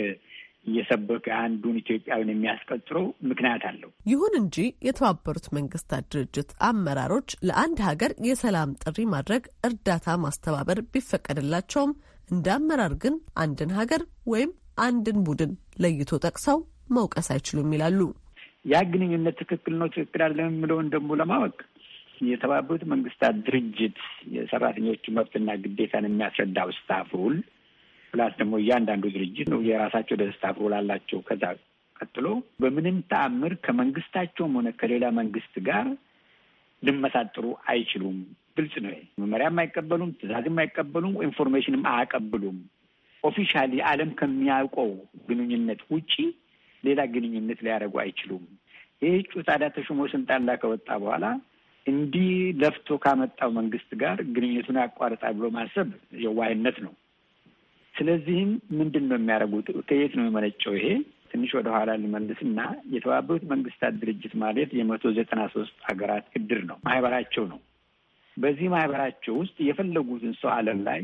እየሰበከ አንዱን ኢትዮጵያውን የሚያስቀጥረው ምክንያት አለው። ይሁን እንጂ የተባበሩት መንግስታት ድርጅት አመራሮች ለአንድ ሀገር የሰላም ጥሪ ማድረግ፣ እርዳታ ማስተባበር ቢፈቀድላቸውም እንደ አመራር ግን አንድን ሀገር ወይም አንድን ቡድን ለይቶ ጠቅሰው መውቀስ አይችሉም ይላሉ። ያ ግንኙነት ትክክል ነው ትክክል አይደለም የምለውን ደግሞ ለማወቅ የተባበሩት መንግስታት ድርጅት የሰራተኞቹ መብትና ግዴታን የሚያስረዳው ስታፍ ሩል ፕላስ ደግሞ እያንዳንዱ ድርጅት ነው የራሳቸው ስታፍ ሩል አላቸው። ከዛ ቀጥሎ በምንም ተአምር ከመንግስታቸውም ሆነ ከሌላ መንግስት ጋር ልመሳጥሩ አይችሉም። ግልጽ ነው። መመሪያም አይቀበሉም፣ ትእዛዝም አይቀበሉም፣ ኢንፎርሜሽንም አያቀብሉም። ኦፊሻሊ ዓለም ከሚያውቀው ግንኙነት ውጪ ሌላ ግንኙነት ሊያደርጉ አይችሉም። ይህ እጩ ታዲያ ተሹሞ ስልጣን ላይ ከወጣ በኋላ እንዲህ ለፍቶ ካመጣው መንግስት ጋር ግንኙነቱን ያቋርጣል ብሎ ማሰብ የዋህነት ነው። ስለዚህም ምንድን ነው የሚያደርጉት? ከየት ነው የመነጨው? ይሄ ትንሽ ወደ ኋላ ልመልስና የተባበሩት መንግስታት ድርጅት ማለት የመቶ ዘጠና ሶስት ሀገራት እድር ነው፣ ማህበራቸው ነው። በዚህ ማህበራቸው ውስጥ የፈለጉትን ሰው አለም ላይ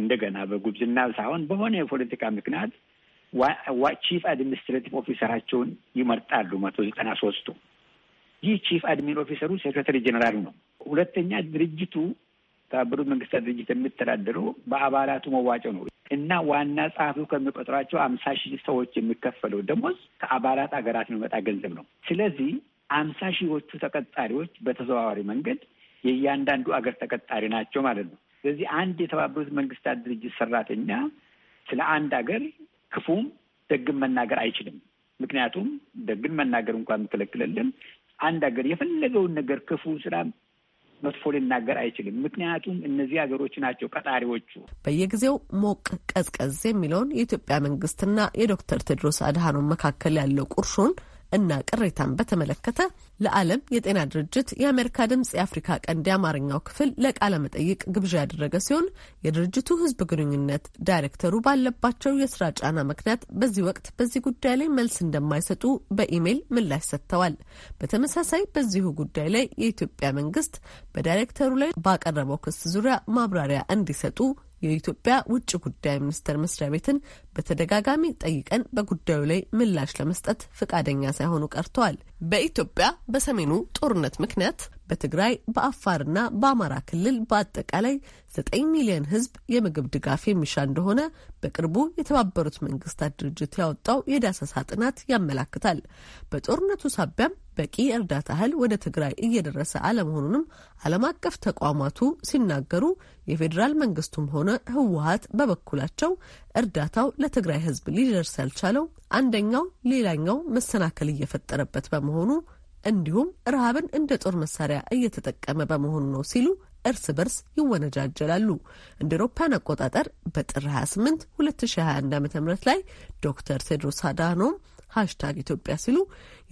እንደገና በጉብዝና ሳይሆን በሆነ የፖለቲካ ምክንያት ቺፍ አድሚኒስትሬቲቭ ኦፊሰራቸውን ይመርጣሉ። መቶ ዘጠና ሶስቱ ይህ ቺፍ አድሚን ኦፊሰሩ ሴክሬታሪ ጀኔራል ነው። ሁለተኛ ድርጅቱ የተባበሩት መንግስታት ድርጅት የሚተዳደረው በአባላቱ መዋጮ ነው እና ዋና ጸሐፊው ከሚቆጥሯቸው አምሳ ሺህ ሰዎች የሚከፈለው ደሞዝ ከአባላት ሀገራት የሚመጣ ገንዘብ ነው። ስለዚህ አምሳ ሺዎቹ ተቀጣሪዎች በተዘዋዋሪ መንገድ የእያንዳንዱ አገር ተቀጣሪ ናቸው ማለት ነው። ስለዚህ አንድ የተባበሩት መንግስታት ድርጅት ሰራተኛ ስለ አንድ ሀገር ክፉም ደግም መናገር አይችልም። ምክንያቱም ደግን መናገር እንኳን የምትከለክለልን አንድ ሀገር የፈለገውን ነገር ክፉ ስራ መጥፎ ሊናገር አይችልም። ምክንያቱም እነዚህ ሀገሮች ናቸው ቀጣሪዎቹ። በየጊዜው ሞቅ ቀዝቀዝ የሚለውን የኢትዮጵያ መንግስትና የዶክተር ቴድሮስ አድሃኖም መካከል ያለው ቁርሾን እና ቅሬታን በተመለከተ ለዓለም የጤና ድርጅት የአሜሪካ ድምፅ የአፍሪካ ቀንድ የአማርኛው ክፍል ለቃለ መጠይቅ ግብዣ ያደረገ ሲሆን የድርጅቱ ሕዝብ ግንኙነት ዳይሬክተሩ ባለባቸው የስራ ጫና ምክንያት በዚህ ወቅት በዚህ ጉዳይ ላይ መልስ እንደማይሰጡ በኢሜይል ምላሽ ሰጥተዋል። በተመሳሳይ በዚሁ ጉዳይ ላይ የኢትዮጵያ መንግስት በዳይሬክተሩ ላይ ባቀረበው ክስ ዙሪያ ማብራሪያ እንዲሰጡ የኢትዮጵያ ውጭ ጉዳይ ሚኒስቴር መስሪያ ቤትን በተደጋጋሚ ጠይቀን በጉዳዩ ላይ ምላሽ ለመስጠት ፈቃደኛ ሳይሆኑ ቀርተዋል። በኢትዮጵያ በሰሜኑ ጦርነት ምክንያት በትግራይ በአፋርና በአማራ ክልል በአጠቃላይ ዘጠኝ ሚሊዮን ህዝብ የምግብ ድጋፍ የሚሻ እንደሆነ በቅርቡ የተባበሩት መንግስታት ድርጅት ያወጣው የዳሰሳ ጥናት ያመላክታል። በጦርነቱ ሳቢያም በቂ እርዳታ እህል ወደ ትግራይ እየደረሰ አለመሆኑንም ዓለም አቀፍ ተቋማቱ ሲናገሩ፣ የፌዴራል መንግስቱም ሆነ ህወሀት በበኩላቸው እርዳታው ለትግራይ ህዝብ ሊደርስ ያልቻለው አንደኛው ሌላኛው መሰናከል እየፈጠረበት በመሆኑ እንዲሁም ረሃብን እንደ ጦር መሳሪያ እየተጠቀመ በመሆኑ ነው ሲሉ እርስ በርስ ይወነጃጀላሉ። እንደ አውሮፓውያን አቆጣጠር በጥር 28 2021 ዓ.ም ላይ ዶክተር ቴድሮስ አድሃኖም ሃሽታግ ኢትዮጵያ ሲሉ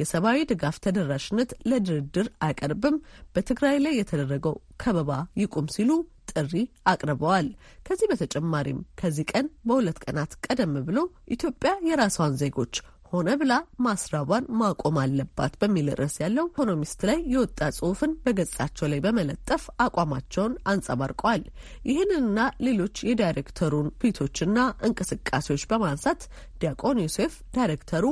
የሰብአዊ ድጋፍ ተደራሽነት ለድርድር አይቀርብም፣ በትግራይ ላይ የተደረገው ከበባ ይቁም ሲሉ ጥሪ አቅርበዋል። ከዚህ በተጨማሪም ከዚህ ቀን በሁለት ቀናት ቀደም ብሎ ኢትዮጵያ የራሷን ዜጎች ሆነ ብላ ማስራቧን ማቆም አለባት በሚል ርዕስ ያለው ኢኮኖሚስት ላይ የወጣ ጽሁፍን በገጻቸው ላይ በመለጠፍ አቋማቸውን አንጸባርቀዋል። ይህንንና ሌሎች የዳይሬክተሩን ፊቶችና እንቅስቃሴዎች በማንሳት ዲያቆን ዮሴፍ ዳይሬክተሩ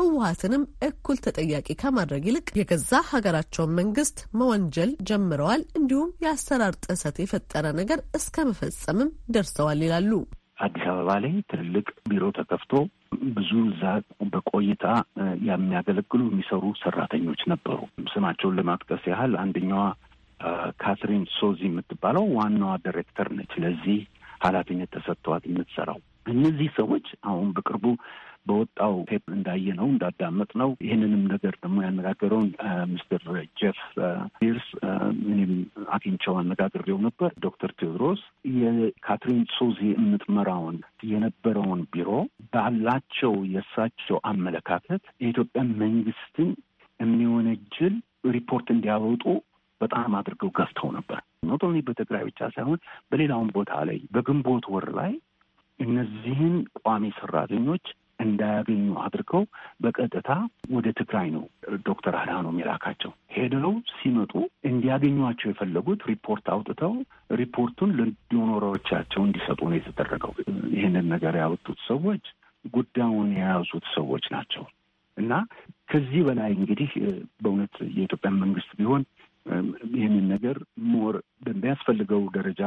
ህወሀትንም እኩል ተጠያቂ ከማድረግ ይልቅ የገዛ ሀገራቸውን መንግስት መወንጀል ጀምረዋል፣ እንዲሁም የአሰራር ጥሰት የፈጠረ ነገር እስከ መፈጸምም ደርሰዋል ይላሉ። አዲስ አበባ ላይ ትልልቅ ቢሮ ተከፍቶ ብዙ እዛ በቆይታ የሚያገለግሉ የሚሰሩ ሰራተኞች ነበሩ። ስማቸውን ለማጥቀስ ያህል አንደኛዋ ካትሪን ሶዚ የምትባለው ዋናዋ ዳይሬክተር ነች። ለዚህ ኃላፊነት ተሰጥተዋት የምትሰራው እነዚህ ሰዎች አሁን በቅርቡ በወጣው ቴፕ እንዳየ ነው እንዳዳመጥ ነው። ይህንንም ነገር ደግሞ ያነጋገረውን ሚስተር ጄፍ ፒርስ እኔም አግኝቸው አነጋግሬው ነበር። ዶክተር ቴዎድሮስ የካትሪን ሱዚ የምትመራውን የነበረውን ቢሮ ባላቸው የእሳቸው አመለካከት የኢትዮጵያ መንግስትን የሚወነጅል ሪፖርት እንዲያወጡ በጣም አድርገው ገፍተው ነበር። ኖት ኦንሊ በትግራይ ብቻ ሳይሆን በሌላውን ቦታ ላይ በግንቦት ወር ላይ እነዚህን ቋሚ ሰራተኞች እንዳያገኙ አድርገው በቀጥታ ወደ ትግራይ ነው ዶክተር አድሃኖም የላካቸው። ሄደው ሲመጡ እንዲያገኟቸው የፈለጉት ሪፖርት አውጥተው ሪፖርቱን ለዶኖሮቻቸው እንዲሰጡ ነው የተደረገው። ይህንን ነገር ያወጡት ሰዎች ጉዳዩን የያዙት ሰዎች ናቸው እና ከዚህ በላይ እንግዲህ በእውነት የኢትዮጵያ መንግስት ቢሆን ይህንን ነገር ሞር በሚያስፈልገው ደረጃ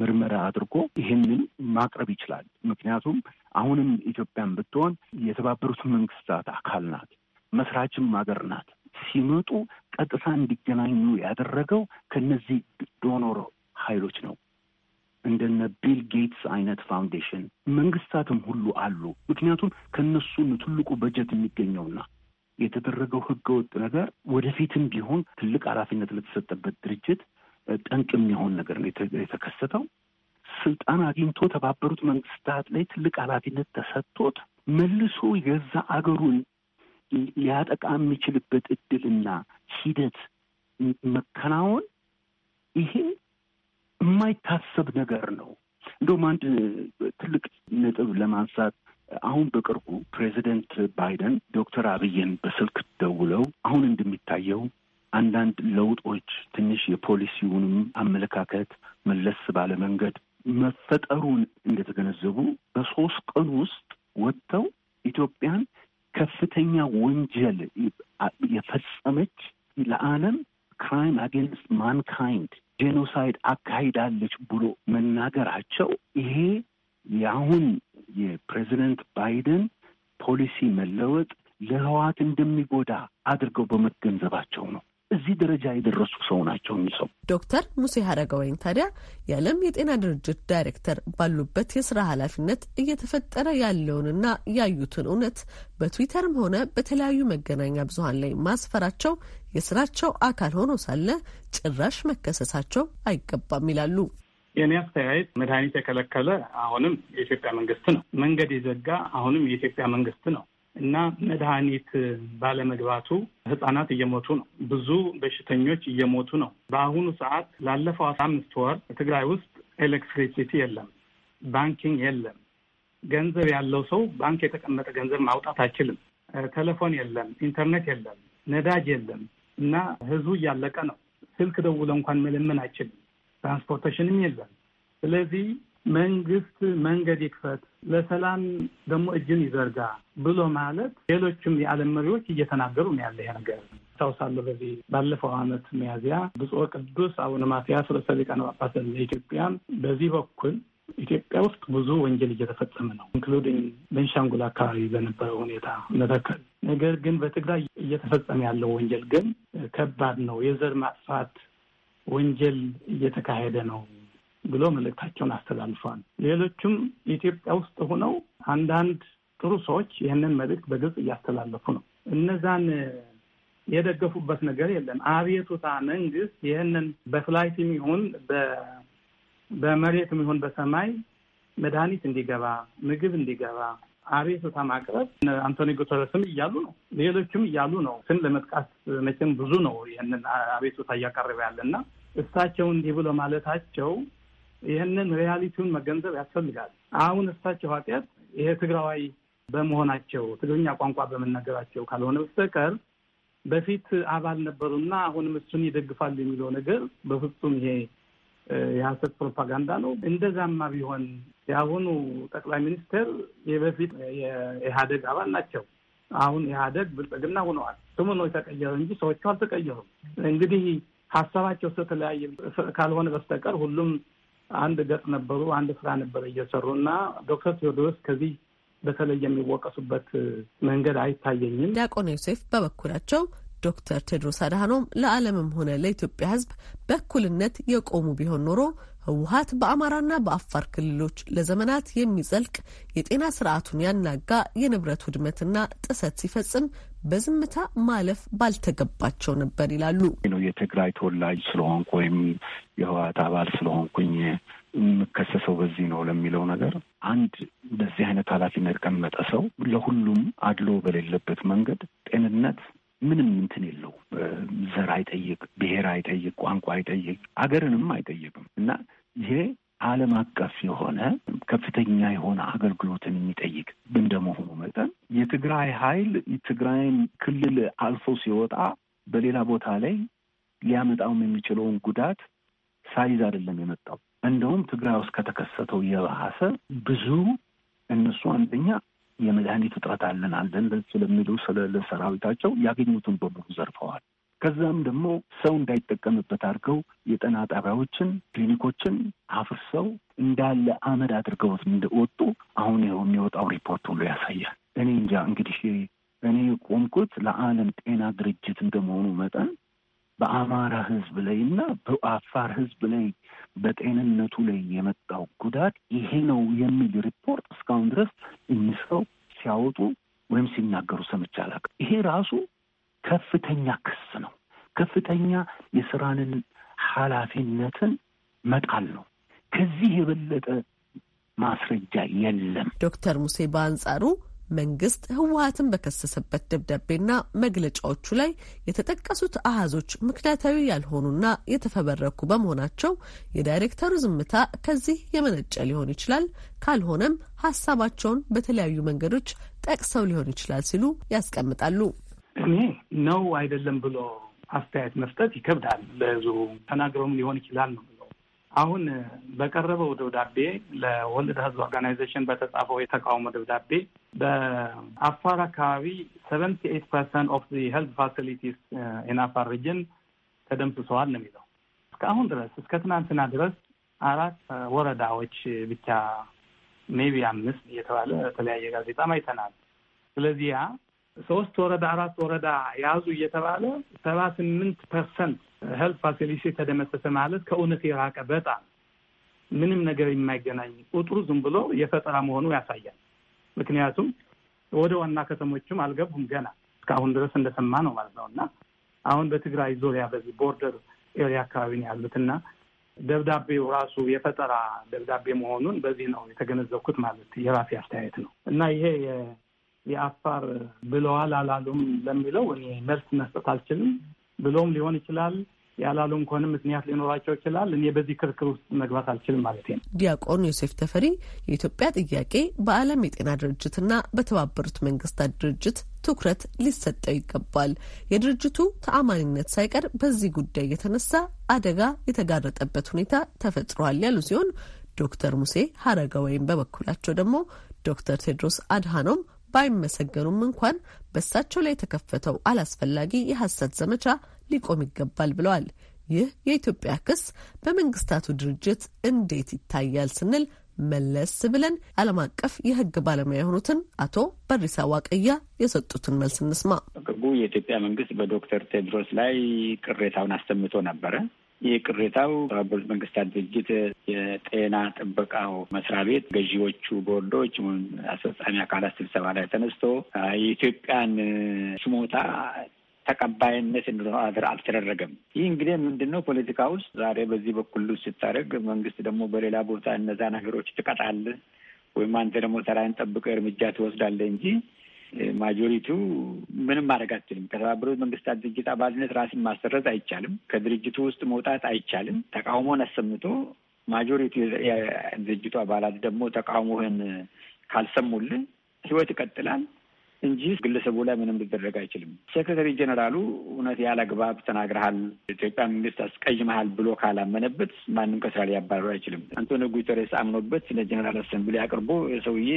ምርመራ አድርጎ ይህንን ማቅረብ ይችላል። ምክንያቱም አሁንም ኢትዮጵያን ብትሆን የተባበሩት መንግስታት አካል ናት፣ መስራችም ሀገር ናት። ሲመጡ ቀጥታ እንዲገናኙ ያደረገው ከነዚህ ዶኖር ኃይሎች ነው። እንደነ ቢል ጌትስ አይነት ፋውንዴሽን መንግስታትም ሁሉ አሉ። ምክንያቱም ከነሱን ትልቁ በጀት የሚገኘውና የተደረገው ህገወጥ ነገር ወደፊትም ቢሆን ትልቅ ኃላፊነት ለተሰጠበት ድርጅት ጠንቅ የሚሆን ነገር ነው የተከሰተው። ስልጣን አግኝቶ ተባበሩት መንግስታት ላይ ትልቅ ኃላፊነት ተሰጥቶት መልሶ የገዛ አገሩን ሊያጠቃ የሚችልበት እድልና ሂደት መከናወን ይሄ የማይታሰብ ነገር ነው። እንደውም አንድ ትልቅ ነጥብ ለማንሳት አሁን በቅርቡ ፕሬዚደንት ባይደን ዶክተር አብይን በስልክ ደውለው አሁን እንደሚታየው አንዳንድ ለውጦች ትንሽ የፖሊሲውንም አመለካከት መለስ ባለ መንገድ መፈጠሩን እንደተገነዘቡ በሶስት ቀን ውስጥ ወጥተው ኢትዮጵያን ከፍተኛ ወንጀል የፈጸመች ለዓለም ክራይም አጌንስት ማንካይንድ ጄኖሳይድ አካሂዳለች ብሎ መናገራቸው ይሄ የአሁን የፕሬዚደንት ባይደን ፖሊሲ መለወጥ ለህወሓት እንደሚጎዳ አድርገው በመገንዘባቸው ነው እዚህ ደረጃ የደረሱ ሰው ናቸው። እኚህ ሰው ዶክተር ሙሴ ሀረገወይን ታዲያ የዓለም የጤና ድርጅት ዳይሬክተር ባሉበት የስራ ኃላፊነት እየተፈጠረ ያለውንና ያዩትን እውነት በትዊተርም ሆነ በተለያዩ መገናኛ ብዙሀን ላይ ማስፈራቸው የስራቸው አካል ሆኖ ሳለ ጭራሽ መከሰሳቸው አይገባም ይላሉ። የእኔ አስተያየት መድኃኒት የከለከለ አሁንም የኢትዮጵያ መንግስት ነው። መንገድ የዘጋ አሁንም የኢትዮጵያ መንግስት ነው እና መድኃኒት ባለመግባቱ ህጻናት እየሞቱ ነው። ብዙ በሽተኞች እየሞቱ ነው። በአሁኑ ሰዓት ላለፈው አስራ አምስት ወር ትግራይ ውስጥ ኤሌክትሪሲቲ የለም፣ ባንኪንግ የለም። ገንዘብ ያለው ሰው ባንክ የተቀመጠ ገንዘብ ማውጣት አይችልም። ቴሌፎን የለም፣ ኢንተርኔት የለም፣ ነዳጅ የለም እና ህዝቡ እያለቀ ነው። ስልክ ደውለ እንኳን መለመን አይችልም። ትራንስፖርቴሽንም የለም። ስለዚህ መንግስት መንገድ ይክፈት፣ ለሰላም ደግሞ እጅን ይዘርጋ ብሎ ማለት ሌሎችም የዓለም መሪዎች እየተናገሩ ነው ያለ ይሄ ነገር ታውሳለሁ። በዚህ ባለፈው ዓመት ሚያዝያ ብፁዕ ቅዱስ አቡነ ማትያስ ርዕሰ ሊቃነ ጳጳሳት ዘኢትዮጵያ በዚህ በኩል ኢትዮጵያ ውስጥ ብዙ ወንጀል እየተፈጸመ ነው፣ ኢንክሉዲንግ በንሻንጉል አካባቢ በነበረው ሁኔታ መተከል። ነገር ግን በትግራይ እየተፈጸመ ያለው ወንጀል ግን ከባድ ነው። የዘር ማጥፋት ወንጀል እየተካሄደ ነው ብሎ መልእክታቸውን አስተላልፏል። ሌሎቹም ኢትዮጵያ ውስጥ ሆነው አንዳንድ ጥሩ ሰዎች ይህንን መልእክት በግልጽ እያስተላለፉ ነው። እነዛን የደገፉበት ነገር የለም። አቤቱታ መንግስት ይህንን በፍላይት የሚሆን በመሬት የሚሆን በሰማይ መድኃኒት እንዲገባ ምግብ እንዲገባ አቤቱታ ማቅረብ አንቶኒ ጉተረስም እያሉ ነው። ሌሎችም እያሉ ነው። ስም ለመጥቃት መቼም ብዙ ነው። ይህንን አቤቱታ እያቀረበ ያለና እሳቸው እንዲህ ብሎ ማለታቸው ይህንን ሪያሊቲውን መገንዘብ ያስፈልጋል። አሁን እሳቸው ኃጢአት ይሄ ትግራዋይ በመሆናቸው ትግርኛ ቋንቋ በመናገራቸው ካልሆነ በስተቀር በፊት አባል ነበሩና አሁንም እሱን ይደግፋል የሚለው ነገር በፍጹም ይሄ የሀሰት ፕሮፓጋንዳ ነው። እንደዛማ ቢሆን የአሁኑ ጠቅላይ ሚኒስትር የበፊት የኢህአደግ አባል ናቸው። አሁን ኢህአደግ ብልጽግና ሆነዋል። ስሙ ነው የተቀየረ እንጂ ሰዎቹ አልተቀየሩም። እንግዲህ ሀሳባቸው ስለተለያየ ካልሆነ በስተቀር ሁሉም አንድ ገጽ ነበሩ፣ አንድ ስራ ነበር እየሰሩ እና ዶክተር ቴዎድሮስ ከዚህ በተለይ የሚወቀሱበት መንገድ አይታየኝም። ዲያቆን ዮሴፍ በበኩላቸው ዶክተር ቴድሮስ አድሃኖም ለዓለምም ሆነ ለኢትዮጵያ ሕዝብ በእኩልነት የቆሙ ቢሆን ኖሮ ህወሀት በአማራና በአፋር ክልሎች ለዘመናት የሚዘልቅ የጤና ስርዓቱን ያናጋ የንብረት ውድመትና ጥሰት ሲፈጽም በዝምታ ማለፍ ባልተገባቸው ነበር ይላሉ። ነው የትግራይ ተወላጅ ስለሆንኩ ወይም የህወሀት አባል ስለሆንኩኝ የምከሰሰው በዚህ ነው ለሚለው ነገር አንድ እንደዚህ አይነት ኃላፊነት ቀመጠ ሰው ለሁሉም አድሎ በሌለበት መንገድ ጤንነት ምንም እንትን የለው። ዘር አይጠይቅ፣ ብሔር አይጠይቅ፣ ቋንቋ አይጠይቅ፣ አገርንም አይጠይቅም እና ይሄ ዓለም አቀፍ የሆነ ከፍተኛ የሆነ አገልግሎትን የሚጠይቅ እንደመሆኑ መጠን የትግራይ ኃይል ትግራይን ክልል አልፎ ሲወጣ በሌላ ቦታ ላይ ሊያመጣውም የሚችለውን ጉዳት ሳይዝ አይደለም የመጣው። እንደውም ትግራይ ውስጥ ከተከሰተው የባሰ ብዙ እነሱ አንደኛ የመድኃኒት እጥረት አለን አለን ስለሚሉ ስለ ሰራዊታቸው ያገኙትን በሙሉ ዘርፈዋል። ከዛም ደግሞ ሰው እንዳይጠቀምበት አድርገው የጤና ጣቢያዎችን፣ ክሊኒኮችን አፍርሰው እንዳለ አመድ አድርገውት እንደወጡ አሁን ይኸው የሚወጣው ሪፖርት ሁሉ ያሳያል። እኔ እንጃ እንግዲህ እኔ ቆምኩት ለዓለም ጤና ድርጅት እንደመሆኑ መጠን በአማራ ህዝብ ላይ እና በአፋር ህዝብ ላይ በጤንነቱ ላይ የመጣው ጉዳት ይሄ ነው የሚል ሪፖርት እስካሁን ድረስ እኚህ ሰው ሲያወጡ ወይም ሲናገሩ ሰምቼ አላውቅም። ይሄ ራሱ ከፍተኛ ክስ ነው። ከፍተኛ የስራንን ኃላፊነትን መጣል ነው። ከዚህ የበለጠ ማስረጃ የለም። ዶክተር ሙሴ በአንጻሩ መንግስት ህወሀትን በከሰሰበት ደብዳቤና መግለጫዎቹ ላይ የተጠቀሱት አሃዞች ምክንያታዊ ያልሆኑና የተፈበረኩ በመሆናቸው የዳይሬክተሩ ዝምታ ከዚህ የመነጨ ሊሆን ይችላል፣ ካልሆነም ሀሳባቸውን በተለያዩ መንገዶች ጠቅሰው ሊሆን ይችላል ሲሉ ያስቀምጣሉ። እኔ ነው አይደለም ብሎ አስተያየት መስጠት ይከብዳል። ለህዝቡ ተናግረውም ሊሆን ይችላል ነው አሁን በቀረበው ደብዳቤ ለወልድ ህዝብ ኦርጋናይዜሽን በተጻፈው የተቃውሞ ደብዳቤ በአፋር አካባቢ ሰቨንቲ ኤይት ፐርሰንት ኦፍ ዚ ሄልት ፋሲሊቲስ ኢን አፋር ሪጅን ተደምስሰዋል ነው የሚለው። እስካሁን ድረስ እስከ ትናንትና ድረስ አራት uh, ወረዳዎች ብቻ ሜቢ አምስት እየተባለ በተለያየ ጋዜጣም አይተናል። ስለዚህ ያ ሶስት ወረዳ አራት ወረዳ ያዙ እየተባለ ሰባ ስምንት ፐርሰንት ሄልት ፋሲሊቲ ተደመሰሰ ማለት ከእውነት የራቀ በጣም ምንም ነገር የማይገናኝ ቁጥሩ ዝም ብሎ የፈጠራ መሆኑ ያሳያል። ምክንያቱም ወደ ዋና ከተሞችም አልገቡም ገና እስካሁን ድረስ እንደሰማ ነው ማለት ነው። እና አሁን በትግራይ ዙሪያ በዚህ ቦርደር ኤሪያ አካባቢ ነው ያሉት እና ደብዳቤው ራሱ የፈጠራ ደብዳቤ መሆኑን በዚህ ነው የተገነዘብኩት። ማለት የራሴ አስተያየት ነው እና ይሄ የአፋር ብለዋል አላሉም ለሚለው እኔ መልስ መስጠት አልችልም። ብሎም ሊሆን ይችላል ያላሉ እንኳንም ምክንያት ሊኖራቸው ይችላል። እኔ በዚህ ክርክር ውስጥ መግባት አልችልም ማለት ነው። ዲያቆን ዮሴፍ ተፈሪ የኢትዮጵያ ጥያቄ በዓለም የጤና ድርጅትና በተባበሩት መንግስታት ድርጅት ትኩረት ሊሰጠው ይገባል። የድርጅቱ ተአማኒነት ሳይቀር በዚህ ጉዳይ የተነሳ አደጋ የተጋረጠበት ሁኔታ ተፈጥሯል ያሉ ሲሆን ዶክተር ሙሴ ሀረጋ ወይም በበኩላቸው ደግሞ ዶክተር ቴድሮስ አድሃኖም ባይመሰገኑም እንኳን በእሳቸው ላይ የተከፈተው አላስፈላጊ የሐሰት ዘመቻ ሊቆም ይገባል ብለዋል። ይህ የኢትዮጵያ ክስ በመንግስታቱ ድርጅት እንዴት ይታያል ስንል መለስ ብለን ዓለም አቀፍ የህግ ባለሙያ የሆኑትን አቶ በሪሳ ዋቀያ የሰጡትን መልስ እንስማ። በቅርቡ የኢትዮጵያ መንግስት በዶክተር ቴድሮስ ላይ ቅሬታውን አሰምቶ ነበረ። ይህ ቅሬታው የተባበሩት መንግስታት ድርጅት የጤና ጥበቃው መስሪያ ቤት ገዢዎቹ ቦርዶች፣ አስፈጻሚ አካላት ስብሰባ ላይ ተነስቶ የኢትዮጵያን ሽሞታ ተቀባይነት እንዲኖረው አልተደረገም። ይህ እንግዲህ ምንድን ነው ፖለቲካ ውስጥ ዛሬ በዚህ በኩል ስታደርግ መንግስት ደግሞ በሌላ ቦታ እነዛ ነገሮች ትቀጣል ወይም አንተ ደግሞ ተራይን ጠብቀህ እርምጃ ትወስዳለህ እንጂ ማጆሪቲው ምንም ማድረግ አትችልም። ከተባበሩት መንግስታት ድርጅት አባልነት ራስን ማሰረዝ አይቻልም። ከድርጅቱ ውስጥ መውጣት አይቻልም። ተቃውሞን አሰምቶ ማጆሪቲ የድርጅቱ አባላት ደግሞ ተቃውሞህን ካልሰሙልን ህይወት ይቀጥላል። እንጂ ግለሰቡ ላይ ምንም ሊደረግ አይችልም። ሴክሬታሪ ጀኔራሉ እውነት ያለ አግባብ ተናግረሃል፣ ኢትዮጵያ መንግስት አስቀይመሃል ብሎ ካላመነበት ማንም ከስራ ሊያባረሩ አይችልም። አንቶኒዮ ጉተሬስ አምኖበት ለጀኔራል አሰምብሊ አቅርቦ የሰውዬ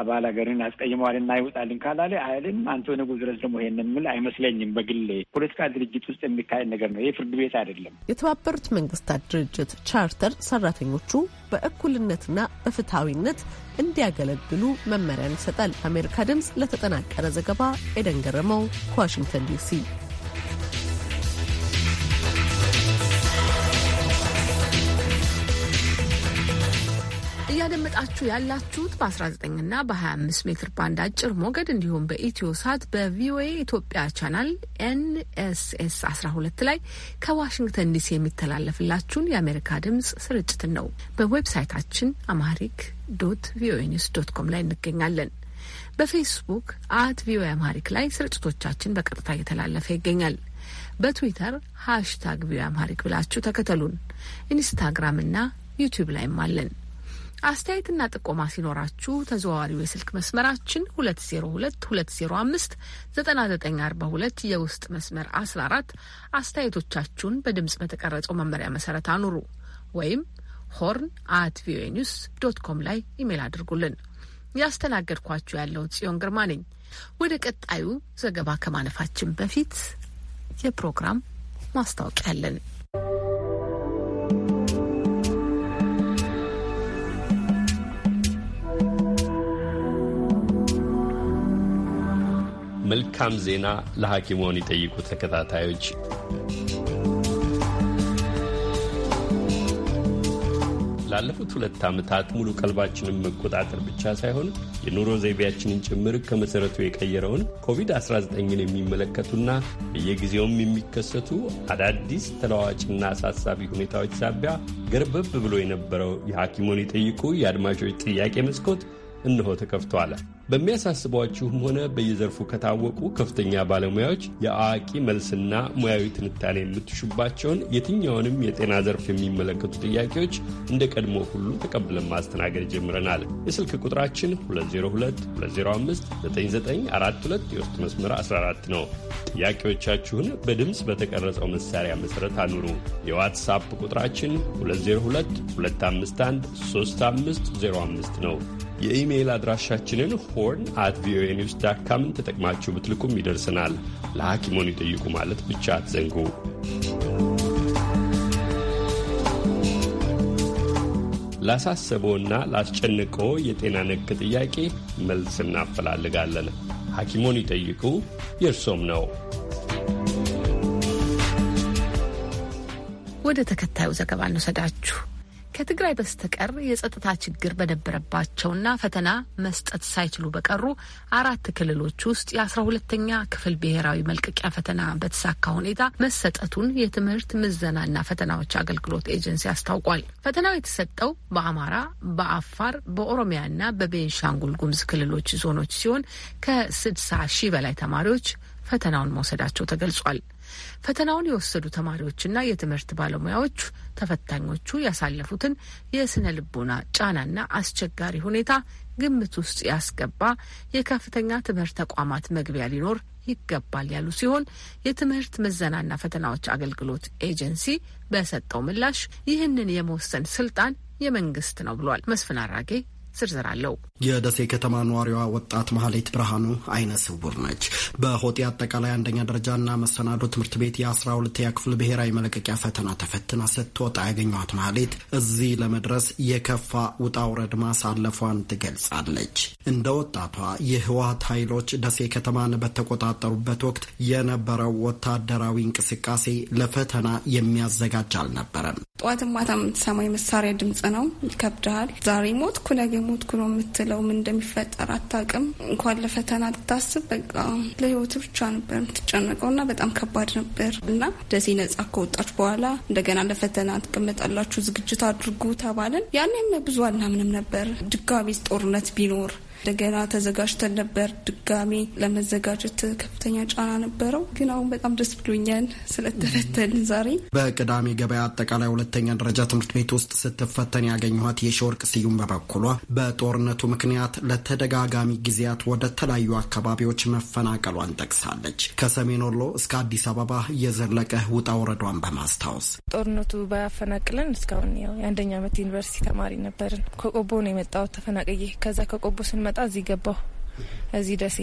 አባል ሀገርን አስቀይመዋል እና ይወጣልን ካላለ አይልም። አንቶኒ ጉዝረስ ደግሞ ይሄንን ምል አይመስለኝም። በግል ፖለቲካ ድርጅት ውስጥ የሚካሄድ ነገር ነው። ይህ ፍርድ ቤት አይደለም። የተባበሩት መንግስታት ድርጅት ቻርተር ሰራተኞቹ በእኩልነትና በፍትሐዊነት እንዲያገለግሉ መመሪያን ይሰጣል። አሜሪካ ድምፅ ለተጠናቀረ ዘገባ ኤደን ገረመው ከዋሽንግተን ዲሲ እያደመጣችሁ ያላችሁት በ19 እና በ25 ሜትር ባንድ አጭር ሞገድ እንዲሁም በኢትዮ ሳት በቪኦኤ ኢትዮጵያ ቻናል ኤንኤስኤስ 12 ላይ ከዋሽንግተን ዲሲ የሚተላለፍላችሁን የአሜሪካ ድምጽ ስርጭትን ነው። በዌብሳይታችን አማሪክ ዶት ቪኦኤ ኒውስ ዶት ኮም ላይ እንገኛለን። በፌስቡክ አት ቪኦኤ አማሪክ ላይ ስርጭቶቻችን በቀጥታ እየተላለፈ ይገኛል። በትዊተር ሃሽታግ ቪኦኤ አማሪክ ብላችሁ ተከተሉን። ኢንስታግራም እና ዩቲዩብ ላይም አለን። አስተያየትና ጥቆማ ሲኖራችሁ ተዘዋዋሪው የስልክ መስመራችን 2022059942 የውስጥ መስመር 14 አስተያየቶቻችሁን በድምፅ በተቀረጸው መመሪያ መሰረት አኑሩ ወይም ሆርን አት ቪኦኤ ኒውስ ዶት ኮም ላይ ኢሜል አድርጉልን። ያስተናገድኳችሁ ያለው ጽዮን ግርማ ነኝ። ወደ ቀጣዩ ዘገባ ከማለፋችን በፊት የፕሮግራም ማስታወቂያ አለን። መልካም ዜና ለሐኪሞን ይጠይቁ ተከታታዮች ላለፉት ሁለት ዓመታት ሙሉ ቀልባችንን መቆጣጠር ብቻ ሳይሆን የኑሮ ዘይቤያችንን ጭምር ከመሠረቱ የቀየረውን ኮቪድ-19ን የሚመለከቱና በየጊዜውም የሚከሰቱ አዳዲስ ተለዋዋጭና አሳሳቢ ሁኔታዎች ሳቢያ ገርበብ ብሎ የነበረው የሐኪሞን ይጠይቁ የአድማጮች ጥያቄ መስኮት እንሆ ተከፍቷል። በሚያሳስቧችሁም ሆነ በየዘርፉ ከታወቁ ከፍተኛ ባለሙያዎች የአዋቂ መልስና ሙያዊ ትንታኔ የምትሹባቸውን የትኛውንም የጤና ዘርፍ የሚመለከቱ ጥያቄዎች እንደ ቀድሞ ሁሉ ተቀብለን ማስተናገድ ጀምረናል። የስልክ ቁጥራችን 2022059942 የውስጥ መስመር 14 ነው። ጥያቄዎቻችሁን በድምፅ በተቀረጸው መሳሪያ መሠረት አኑሩ። የዋትሳፕ ቁጥራችን 2022513505 ነው። የኢሜይል አድራሻችንን ሆርን አት ቪኦኤ ኒውስ ዳት ካምን ተጠቅማችሁ ብትልኩም ይደርስናል። ለሐኪሞን ይጠይቁ ማለት ብቻ አትዘንጉ። ላሳሰበውና ላስጨንቀው የጤና ነክ ጥያቄ መልስ እናፈላልጋለን። ሐኪሞን ይጠይቁ የእርሶም ነው። ወደ ተከታዩ ዘገባ እንውሰዳችሁ። ከትግራይ በስተቀር የጸጥታ ችግር በነበረባቸውና ፈተና መስጠት ሳይችሉ በቀሩ አራት ክልሎች ውስጥ የአስራ ሁለተኛ ክፍል ብሔራዊ መልቀቂያ ፈተና በተሳካ ሁኔታ መሰጠቱን የትምህርት ምዘናና ፈተናዎች አገልግሎት ኤጀንሲ አስታውቋል። ፈተናው የተሰጠው በአማራ፣ በአፋር፣ በኦሮሚያና በቤንሻንጉል ጉምዝ ክልሎች ዞኖች ሲሆን ከስድሳ ሺህ በላይ ተማሪዎች ፈተናውን መውሰዳቸው ተገልጿል። ፈተናውን የወሰዱ ተማሪዎችና የትምህርት ባለሙያዎች ተፈታኞቹ ያሳለፉትን የስነ ልቦና ጫናና አስቸጋሪ ሁኔታ ግምት ውስጥ ያስገባ የከፍተኛ ትምህርት ተቋማት መግቢያ ሊኖር ይገባል ያሉ ሲሆን የትምህርት ምዘናና ፈተናዎች አገልግሎት ኤጀንሲ በሰጠው ምላሽ ይህንን የመወሰን ስልጣን የመንግስት ነው ብሏል። መስፍን አራጌ ዝርዝር አለው። የደሴ ከተማ ነዋሪዋ ወጣት መሀሌት ብርሃኑ አይነ ስውር ነች። በሆጤ አጠቃላይ አንደኛ ደረጃና መሰናዶ ትምህርት ቤት የአስራ ሁለተኛ ክፍል ብሔራዊ መለቀቂያ ፈተና ተፈትና ስትወጣ ያገኘኋት መሀሌት እዚህ ለመድረስ የከፋ ውጣ ውረድ ማሳለፏን ትገልጻለች። እንደ ወጣቷ የህወሀት ኃይሎች ደሴ ከተማን በተቆጣጠሩበት ወቅት የነበረው ወታደራዊ እንቅስቃሴ ለፈተና የሚያዘጋጅ አልነበረም። ጠዋትም ማታም የምትሰማው ድምጽ ነው። ይከብድሃል። ዛሬ ሞት ኩነግ ሞትኩ ነው የምትለው። ምን እንደሚፈጠር አታውቅም። እንኳን ለፈተና ልታስብ በቃ ለህይወት ብቻ ነበር የምትጨነቀው እና በጣም ከባድ ነበር እና ደሴ ነጻ ከወጣች በኋላ እንደገና ለፈተና ትቀመጣላችሁ ዝግጅት አድርጉ ተባለን። ያኔም ብዙ አናምንም ነበር ድጋሚ ጦርነት ቢኖር እንደገና ተዘጋጅተን ነበር። ድጋሚ ለመዘጋጀት ከፍተኛ ጫና ነበረው፣ ግን አሁን በጣም ደስ ብሎኛል ስለተፈተን። ዛሬ በቅዳሜ ገበያ አጠቃላይ ሁለተኛ ደረጃ ትምህርት ቤት ውስጥ ስትፈተን ያገኘኋት የሸወርቅ ስዩም በበኩሏ በጦርነቱ ምክንያት ለተደጋጋሚ ጊዜያት ወደ ተለያዩ አካባቢዎች መፈናቀሏን ጠቅሳለች። ከሰሜን ወሎ እስከ አዲስ አበባ የዘለቀ ውጣ ወረዷን በማስታወስ ጦርነቱ ባያፈናቅለን እስካሁን ያው የአንደኛ ዓመት ዩኒቨርሲቲ ተማሪ ነበርን። ከቆቦ ነው የመጣሁት ተፈናቅዬ። ከዛ ከቆቦ ስን መጣ እዚህ ገባሁ። እዚህ ደሴ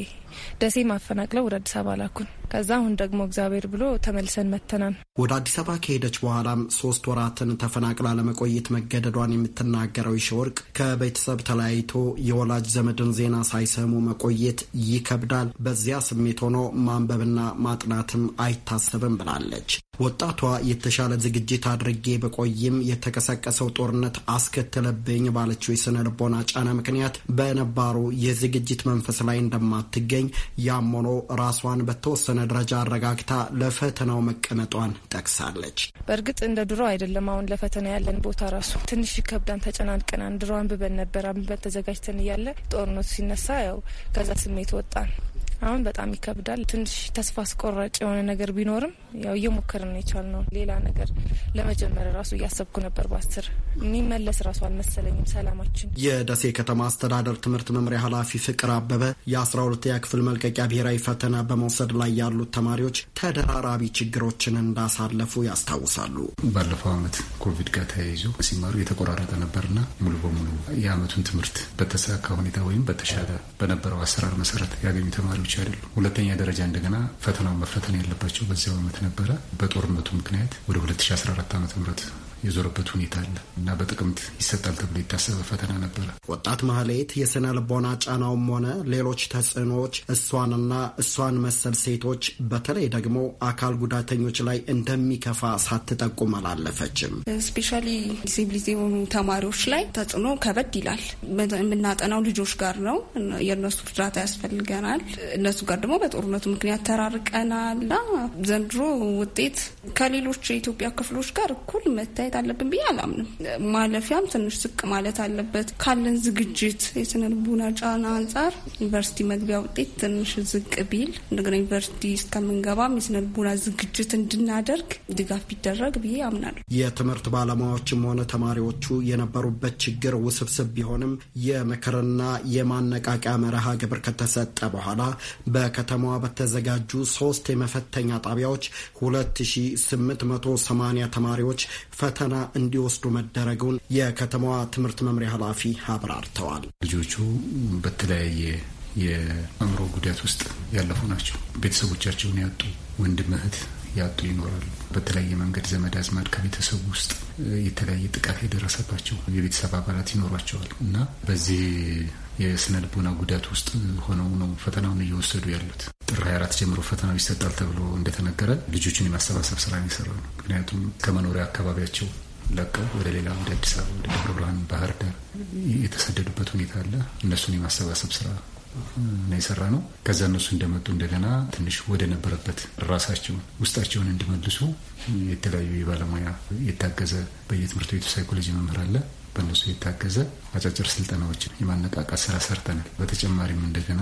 ደሴ ማፈናቅለው ወደ አዲስ አበባ ላኩን። ከዛ አሁን ደግሞ እግዚአብሔር ብሎ ተመልሰን መተናል። ወደ አዲስ አበባ ከሄደች በኋላም ሶስት ወራትን ተፈናቅላ ለመቆየት መገደዷን የምትናገረው ይሸወርቅ ከቤተሰብ ተለያይቶ የወላጅ ዘመድን ዜና ሳይሰሙ መቆየት ይከብዳል፣ በዚያ ስሜት ሆኖ ማንበብና ማጥናትም አይታሰብም ብላለች። ወጣቷ የተሻለ ዝግጅት አድርጌ በቆይም የተቀሰቀሰው ጦርነት አስከተለብኝ ባለችው የስነ ልቦና ጫና ምክንያት በነባሩ የዝግጅት መንፈ በመንፈስ ላይ እንደማትገኝ ያም ሆኖ ራሷን በተወሰነ ደረጃ አረጋግታ ለፈተናው መቀመጧን ጠቅሳለች። በእርግጥ እንደ ድሮ አይደለም። አሁን ለፈተና ያለን ቦታ ራሱ ትንሽ ይከብዳን፣ ተጨናንቀናን። ድሮ አንብበን ነበር። አንብበን ተዘጋጅተን እያለ ጦርነቱ ሲነሳ ያው ከዛ ስሜት ወጣን። አሁን በጣም ይከብዳል። ትንሽ ተስፋ አስቆራጭ የሆነ ነገር ቢኖርም ያው እየሞከርን ነው ሌላ ነገር ለመጀመር ራሱ እያሰብኩ ነበር። በአስር የሚመለስ ራሱ አልመሰለኝም ሰላማችን። የደሴ ከተማ አስተዳደር ትምህርት መምሪያ ኃላፊ ፍቅር አበበ የአስራ ሁለተኛ ክፍል መልቀቂያ ብሔራዊ ፈተና በመውሰድ ላይ ያሉት ተማሪዎች ተደራራቢ ችግሮችን እንዳሳለፉ ያስታውሳሉ። ባለፈው አመት ኮቪድ ጋር ተያይዞ ሲማሩ የተቆራረጠ ነበርና ሙሉ በሙሉ የአመቱን ትምህርት በተሳካ ሁኔታ ወይም በተሻለ በነበረው አሰራር መሰረት ያገኙ ተማሪዎች ብቻ አይደሉም። ሁለተኛ ደረጃ እንደገና ፈተናውን መፈተን ያለባቸው በዚያው ዓመት ነበረ። በጦርነቱ ምክንያት ወደ 2014 ዓ ም የዞረበት ሁኔታ አለ እና በጥቅምት ይሰጣል ተብሎ የታሰበ ፈተና ነበረ። ወጣት ማህሌት የስነ ልቦና ጫናውም ሆነ ሌሎች ተጽዕኖዎች እሷንና እሷን መሰል ሴቶች በተለይ ደግሞ አካል ጉዳተኞች ላይ እንደሚከፋ ሳትጠቁም አላለፈችም። ስፔሻሊ ዲሴቢሊቲ የሆኑ ተማሪዎች ላይ ተጽዕኖ ከበድ ይላል። የምናጠናው ልጆች ጋር ነው። የእነሱ እርዳታ ያስፈልገናል። እነሱ ጋር ደግሞ በጦርነቱ ምክንያት ተራርቀናል እና ዘንድሮ ውጤት ከሌሎች የኢትዮጵያ ክፍሎች ጋር እኩል መታየት ማስወገድ አለብን ብዬ አላምንም። ማለፊያም ትንሽ ዝቅ ማለት አለበት። ካለን ዝግጅት የስነ ልቡና ጫና አንጻር ዩኒቨርሲቲ መግቢያ ውጤት ትንሽ ዝቅ ቢል እንደገና ዩኒቨርሲቲ እስከምንገባም የስነ ልቡና ዝግጅት እንድናደርግ ድጋፍ ቢደረግ ብዬ አምናለሁ። የትምህርት ባለሙያዎችም ሆነ ተማሪዎቹ የነበሩበት ችግር ውስብስብ ቢሆንም የምክርና የማነቃቂያ መርሃ ግብር ከተሰጠ በኋላ በከተማዋ በተዘጋጁ ሶስት የመፈተኛ ጣቢያዎች 2880 ተማሪዎች ፈተ ፈተና እንዲወስዱ መደረጉን የከተማዋ ትምህርት መምሪያ ኃላፊ አብራርተዋል። ልጆቹ በተለያየ የአእምሮ ጉዳት ውስጥ ያለፉ ናቸው። ቤተሰቦቻቸውን ያጡ ወንድም እህት ያጡ ይኖራሉ። በተለያየ መንገድ ዘመድ አዝማድ ከቤተሰቡ ውስጥ የተለያየ ጥቃት የደረሰባቸው የቤተሰብ አባላት ይኖሯቸዋል እና በዚህ የስነ ልቦና ጉዳት ውስጥ ሆነው ነው ፈተናውን እየወሰዱ ያሉት። ጥር 24 ጀምሮ ፈተናው ይሰጣል ተብሎ እንደተነገረ ልጆችን የማሰባሰብ ስራ የሚሰራ ነው። ምክንያቱም ከመኖሪያ አካባቢያቸው ለቀው ወደ ሌላ ወደ አዲስ አበባ ወደ ደብረ ብርሃን፣ ባህር ዳር የተሰደዱበት ሁኔታ አለ። እነሱን የማሰባሰብ ስራ ነው የሰራ ነው። ከዛ እነሱ እንደመጡ እንደገና ትንሽ ወደ ነበረበት ራሳቸውን ውስጣቸውን እንዲመልሱ የተለያዩ የባለሙያ የታገዘ በየትምህርት ቤቱ ሳይኮሎጂ መምህር አለ በእነሱ የታገዘ አጫጭር ስልጠናዎችን የማነቃቃት ስራ ሰርተናል። በተጨማሪም እንደገና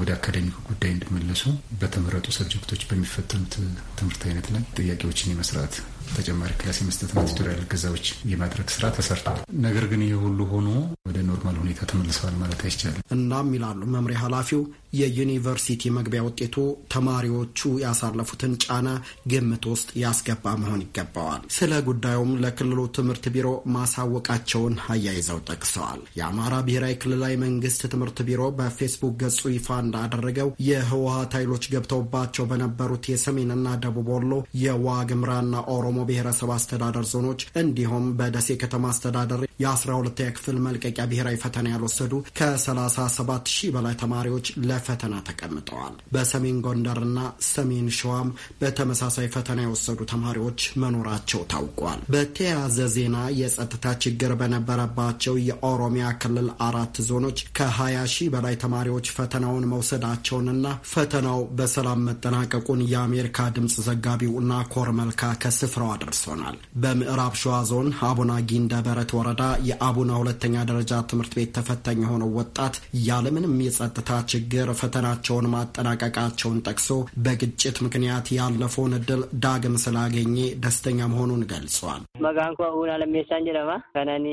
ወደ አካደሚክ ጉዳይ እንዲመለሱ በተመረጡ ሰብጀክቶች በሚፈተኑት ትምህርት አይነት ላይ ጥያቄዎችን የመስራት ተጨማሪ ክላስ የመስጠትና ቱቶሪያል ገዛዎች የማድረግ ስራ ተሰርቷል። ነገር ግን ይህ ሁሉ ሆኖ ወደ ኖርማል ሁኔታ ተመልሰዋል ማለት አይቻልም። እናም ይላሉ መምሪያ ኃላፊው የዩኒቨርሲቲ መግቢያ ውጤቱ ተማሪዎቹ ያሳለፉትን ጫና ግምት ውስጥ ያስገባ መሆን ይገባዋል። ስለ ጉዳዩም ለክልሉ ትምህርት ቢሮ ማሳወቃቸውን አያይዘው ጠቅሰዋል። የአማራ ብሔራዊ ክልላዊ መንግስት ትምህርት ቢሮ በፌስቡክ ገጹ ይፋ እንዳደረገው የህወሀት ኃይሎች ገብተውባቸው በነበሩት የሰሜንና ደቡብ ወሎ የዋግምራና ኦሮሞ ብሔረሰብ አስተዳደር ዞኖች እንዲሁም በደሴ ከተማ አስተዳደር የ12ኛ ክፍል መልቀቂያ ብሔራዊ ፈተና ያልወሰዱ ከ37 ሺህ በላይ ተማሪዎች ለፈተና ተቀምጠዋል። በሰሜን ጎንደርና ሰሜን ሸዋም በተመሳሳይ ፈተና የወሰዱ ተማሪዎች መኖራቸው ታውቋል። በተያያዘ ዜና የጸጥታ ችግር በነበረባቸው የኦሮሚያ ክልል አራት ዞኖች ከ20 ሺህ በላይ ተማሪዎች ፈተናውን መውሰዳቸውንና ፈተናው በሰላም መጠናቀቁን የአሜሪካ ድምፅ ዘጋቢው ናኮር መልካ ከስፍራው አድርሶናል። በምዕራብ ሸዋ ዞን አቡና ጊንደ በረት ወረዳ የአቡነ ሁለተኛ ደረጃ ትምህርት ቤት ተፈታኝ የሆነው ወጣት ያለምንም የጸጥታ ችግር ፈተናቸውን ማጠናቀቃቸውን ጠቅሶ በግጭት ምክንያት ያለፈውን እድል ዳግም ስላገኘ ደስተኛ መሆኑን ገልጿል። መጋንኳ ቡና ለሜሳን ጀለማ ከነኒ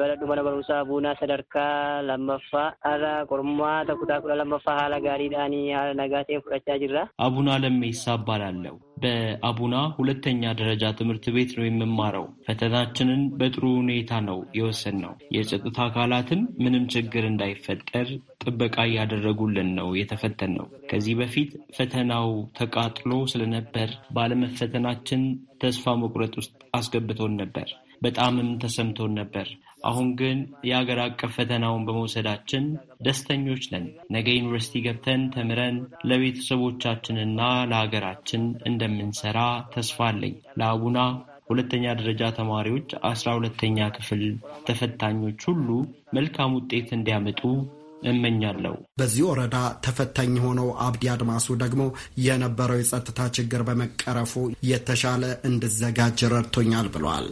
በለዱ መነበሩሳ ቡና ሰደርካ ለመፋ አራ ቁርማ ተኩታኩ ለመፋ ሀላ ጋሪ ዳኒ ነጋቴ ፍረቻ ጅራ አቡና ለሜሳ እባላለሁ። በአቡና ሁለተኛ ደረጃ ትምህርት ቤት ነው የምማረው። ፈተናችንን በጥሩ ሁኔታ ነው ነው የወሰን ነው። የጸጥታ አካላትም ምንም ችግር እንዳይፈጠር ጥበቃ እያደረጉልን ነው የተፈተን ነው። ከዚህ በፊት ፈተናው ተቃጥሎ ስለነበር ባለመፈተናችን ተስፋ መቁረጥ ውስጥ አስገብቶን ነበር። በጣምም ተሰምቶን ነበር። አሁን ግን የሀገር አቀፍ ፈተናውን በመውሰዳችን ደስተኞች ነን። ነገ ዩኒቨርሲቲ ገብተን ተምረን ለቤተሰቦቻችንና ለሀገራችን እንደምንሰራ ተስፋ አለኝ። ለአቡና ሁለተኛ ደረጃ ተማሪዎች አስራ ሁለተኛ ክፍል ተፈታኞች ሁሉ መልካም ውጤት እንዲያመጡ እመኛለሁ። በዚህ ወረዳ ተፈታኝ የሆነው አብዲ አድማሱ ደግሞ የነበረው የጸጥታ ችግር በመቀረፉ የተሻለ እንድዘጋጅ ረድቶኛል ብሏል።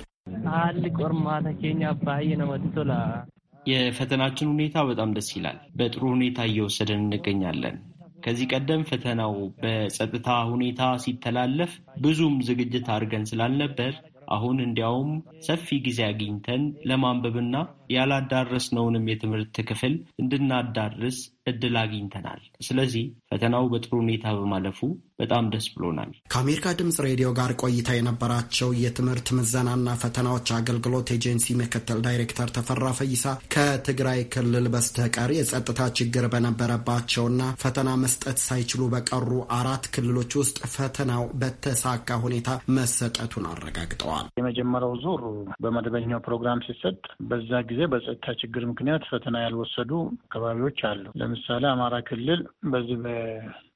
የፈተናችን ሁኔታ በጣም ደስ ይላል። በጥሩ ሁኔታ እየወሰደን እንገኛለን። ከዚህ ቀደም ፈተናው በጸጥታ ሁኔታ ሲተላለፍ ብዙም ዝግጅት አድርገን ስላልነበር አሁን እንዲያውም ሰፊ ጊዜ አግኝተን ለማንበብና ያላዳረስነውንም የትምህርት ክፍል እንድናዳርስ እድል አግኝተናል። ስለዚህ ፈተናው በጥሩ ሁኔታ በማለፉ በጣም ደስ ብሎናል። ከአሜሪካ ድምፅ ሬዲዮ ጋር ቆይታ የነበራቸው የትምህርት ምዘናና ፈተናዎች አገልግሎት ኤጀንሲ ምክትል ዳይሬክተር ተፈራ ፈይሳ ከትግራይ ክልል በስተቀር የጸጥታ ችግር በነበረባቸውና ፈተና መስጠት ሳይችሉ በቀሩ አራት ክልሎች ውስጥ ፈተናው በተሳካ ሁኔታ መሰጠቱን አረጋግጠዋል። የመጀመሪያው ዙር በመደበኛው ፕሮግራም ሲሰጥ በዛ ጊዜ ጊዜ በጸጥታ ችግር ምክንያት ፈተና ያልወሰዱ አካባቢዎች አሉ። ለምሳሌ አማራ ክልል በዚህ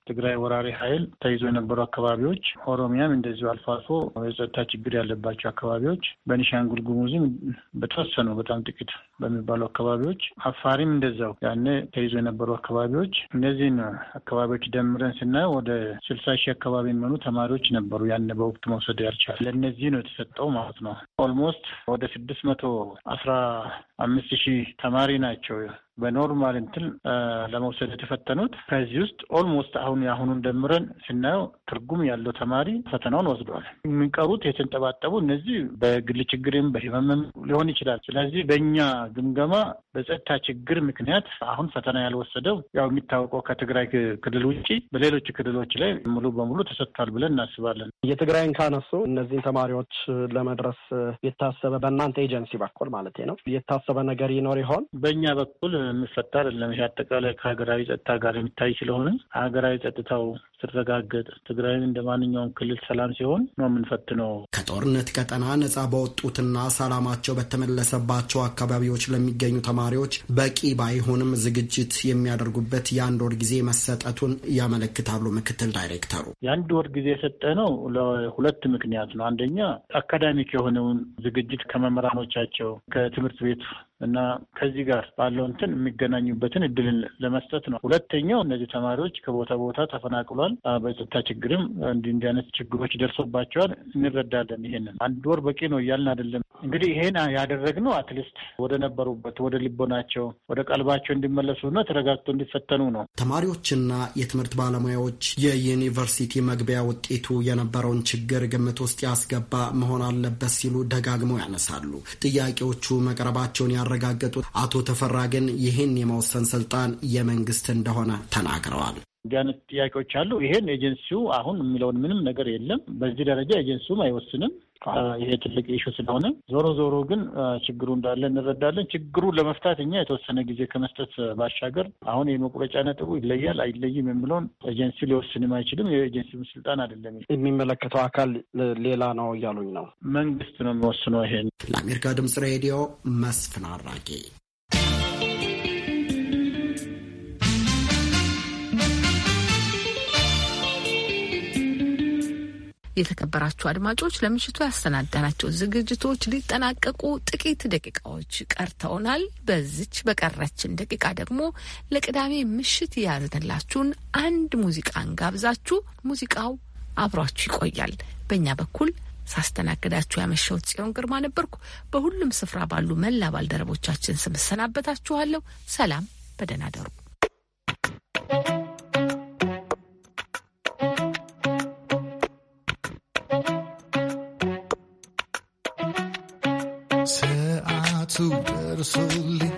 ትግራይ ወራሪ ኃይል ተይዞ የነበሩ አካባቢዎች፣ ኦሮሚያም እንደዚሁ አልፎ አልፎ የጸጥታ ችግር ያለባቸው አካባቢዎች፣ በኒሻንጉል ጉሙዝም በተወሰኑ በጣም ጥቂት በሚባሉ አካባቢዎች፣ አፋሪም እንደዛው ያኔ ተይዞ የነበሩ አካባቢዎች፣ እነዚህን አካባቢዎች ደምረን ስናየው ወደ ስልሳ ሺህ አካባቢ የሚሆኑ ተማሪዎች ነበሩ ያን በወቅቱ መውሰድ ያልቻል ለእነዚህ ነው የተሰጠው ማለት ነው። ኦልሞስት ወደ ስድስት መቶ አስራ አምስት ሺህ ተማሪ ናቸው በኖርማል እንትን ለመውሰድ የተፈተኑት ከዚህ ውስጥ ኦልሞስት አሁን የአሁኑን ደምረን ስናየው ትርጉም ያለው ተማሪ ፈተናውን ወስዷል። የሚቀሩት የተንጠባጠቡ እነዚህ በግል ችግርም በህመምም ሊሆን ይችላል። ስለዚህ በእኛ ግምገማ በጸጥታ ችግር ምክንያት አሁን ፈተና ያልወሰደው ያው የሚታወቀው ከትግራይ ክልል ውጭ በሌሎች ክልሎች ላይ ሙሉ በሙሉ ተሰጥቷል ብለን እናስባለን። የትግራይን ካነሱ እነዚህን ተማሪዎች ለመድረስ የታሰበ በእናንተ ኤጀንሲ በኩል ማለት ነው የታሰበ ነገር ይኖር ይሆን? በእኛ በኩል የሚፈታ አይደለም። ይሄ አጠቃላይ ከሀገራዊ ጸጥታ ጋር የሚታይ ስለሆነ ሀገራዊ ጸጥታው ሲረጋገጥ ትግራይን እንደ ማንኛውም ክልል ሰላም ሲሆን ነው የምንፈትነው። ከጦርነት ቀጠና ነጻ በወጡትና ሰላማቸው በተመለሰባቸው አካባቢዎች ለሚገኙ ተማሪዎች በቂ ባይሆንም ዝግጅት የሚያደርጉበት የአንድ ወር ጊዜ መሰጠቱን ያመለክታሉ ምክትል ዳይሬክተሩ። የአንድ ወር ጊዜ የሰጠነው ለሁለት ምክንያት ነው። አንደኛ አካዳሚክ የሆነውን ዝግጅት ከመምህራኖቻቸው ከትምህርት ቤቱ እና ከዚህ ጋር ባለው እንትን የሚገናኙበትን እድልን ለመስጠት ነው። ሁለተኛው እነዚህ ተማሪዎች ከቦታ ቦታ ተፈናቅሏል ደርሰዋል። በጸጥታ ችግርም እንዲህ እንዲህ አይነት ችግሮች ደርሶባቸዋል። እንረዳለን። ይሄንን አንድ ወር በቂ ነው እያልን አይደለም። እንግዲህ ይሄን ያደረግነው አትሊስት ወደ ነበሩበት ወደ ልቦናቸው ወደ ቀልባቸው እንዲመለሱና ተረጋግቶ እንዲፈተኑ ነው። ተማሪዎችና የትምህርት ባለሙያዎች የዩኒቨርሲቲ መግቢያ ውጤቱ የነበረውን ችግር ግምት ውስጥ ያስገባ መሆን አለበት ሲሉ ደጋግመው ያነሳሉ። ጥያቄዎቹ መቅረባቸውን ያረጋገጡት አቶ ተፈራ ግን ይህን የመወሰን ስልጣን የመንግስት እንደሆነ ተናግረዋል። እንዲህ አይነት ጥያቄዎች አሉ። ይሄን ኤጀንሲው አሁን የሚለውን ምንም ነገር የለም። በዚህ ደረጃ ኤጀንሲውም አይወስንም። ይሄ ትልቅ ኢሹ ስለሆነ ዞሮ ዞሮ ግን ችግሩ እንዳለ እንረዳለን። ችግሩ ለመፍታት እኛ የተወሰነ ጊዜ ከመስጠት ባሻገር አሁን የመቁረጫ ነጥቡ ይለያል አይለይም የሚለውን ኤጀንሲ ሊወስንም አይችልም። የኤጀንሲውም ስልጣን አይደለም። የሚመለከተው አካል ሌላ ነው እያሉኝ ነው። መንግስት ነው የሚወስነው። ይሄን ለአሜሪካ ድምጽ ሬዲዮ መስፍን አራጌ የተከበራችሁ አድማጮች ለምሽቱ ያሰናዳናቸው ዝግጅቶች ሊጠናቀቁ ጥቂት ደቂቃዎች ቀርተውናል። በዚች በቀረችን ደቂቃ ደግሞ ለቅዳሜ ምሽት የያዝንላችሁን አንድ ሙዚቃን ጋብዛችሁ ሙዚቃው አብሯችሁ ይቆያል። በእኛ በኩል ሳስተናግዳችሁ ያመሸሁት ጽዮን ግርማ ነበርኩ። በሁሉም ስፍራ ባሉ መላ ባልደረቦቻችን ስም ሰናበታችኋለሁ። ሰላም፣ በደህና ደሩ። Pero solito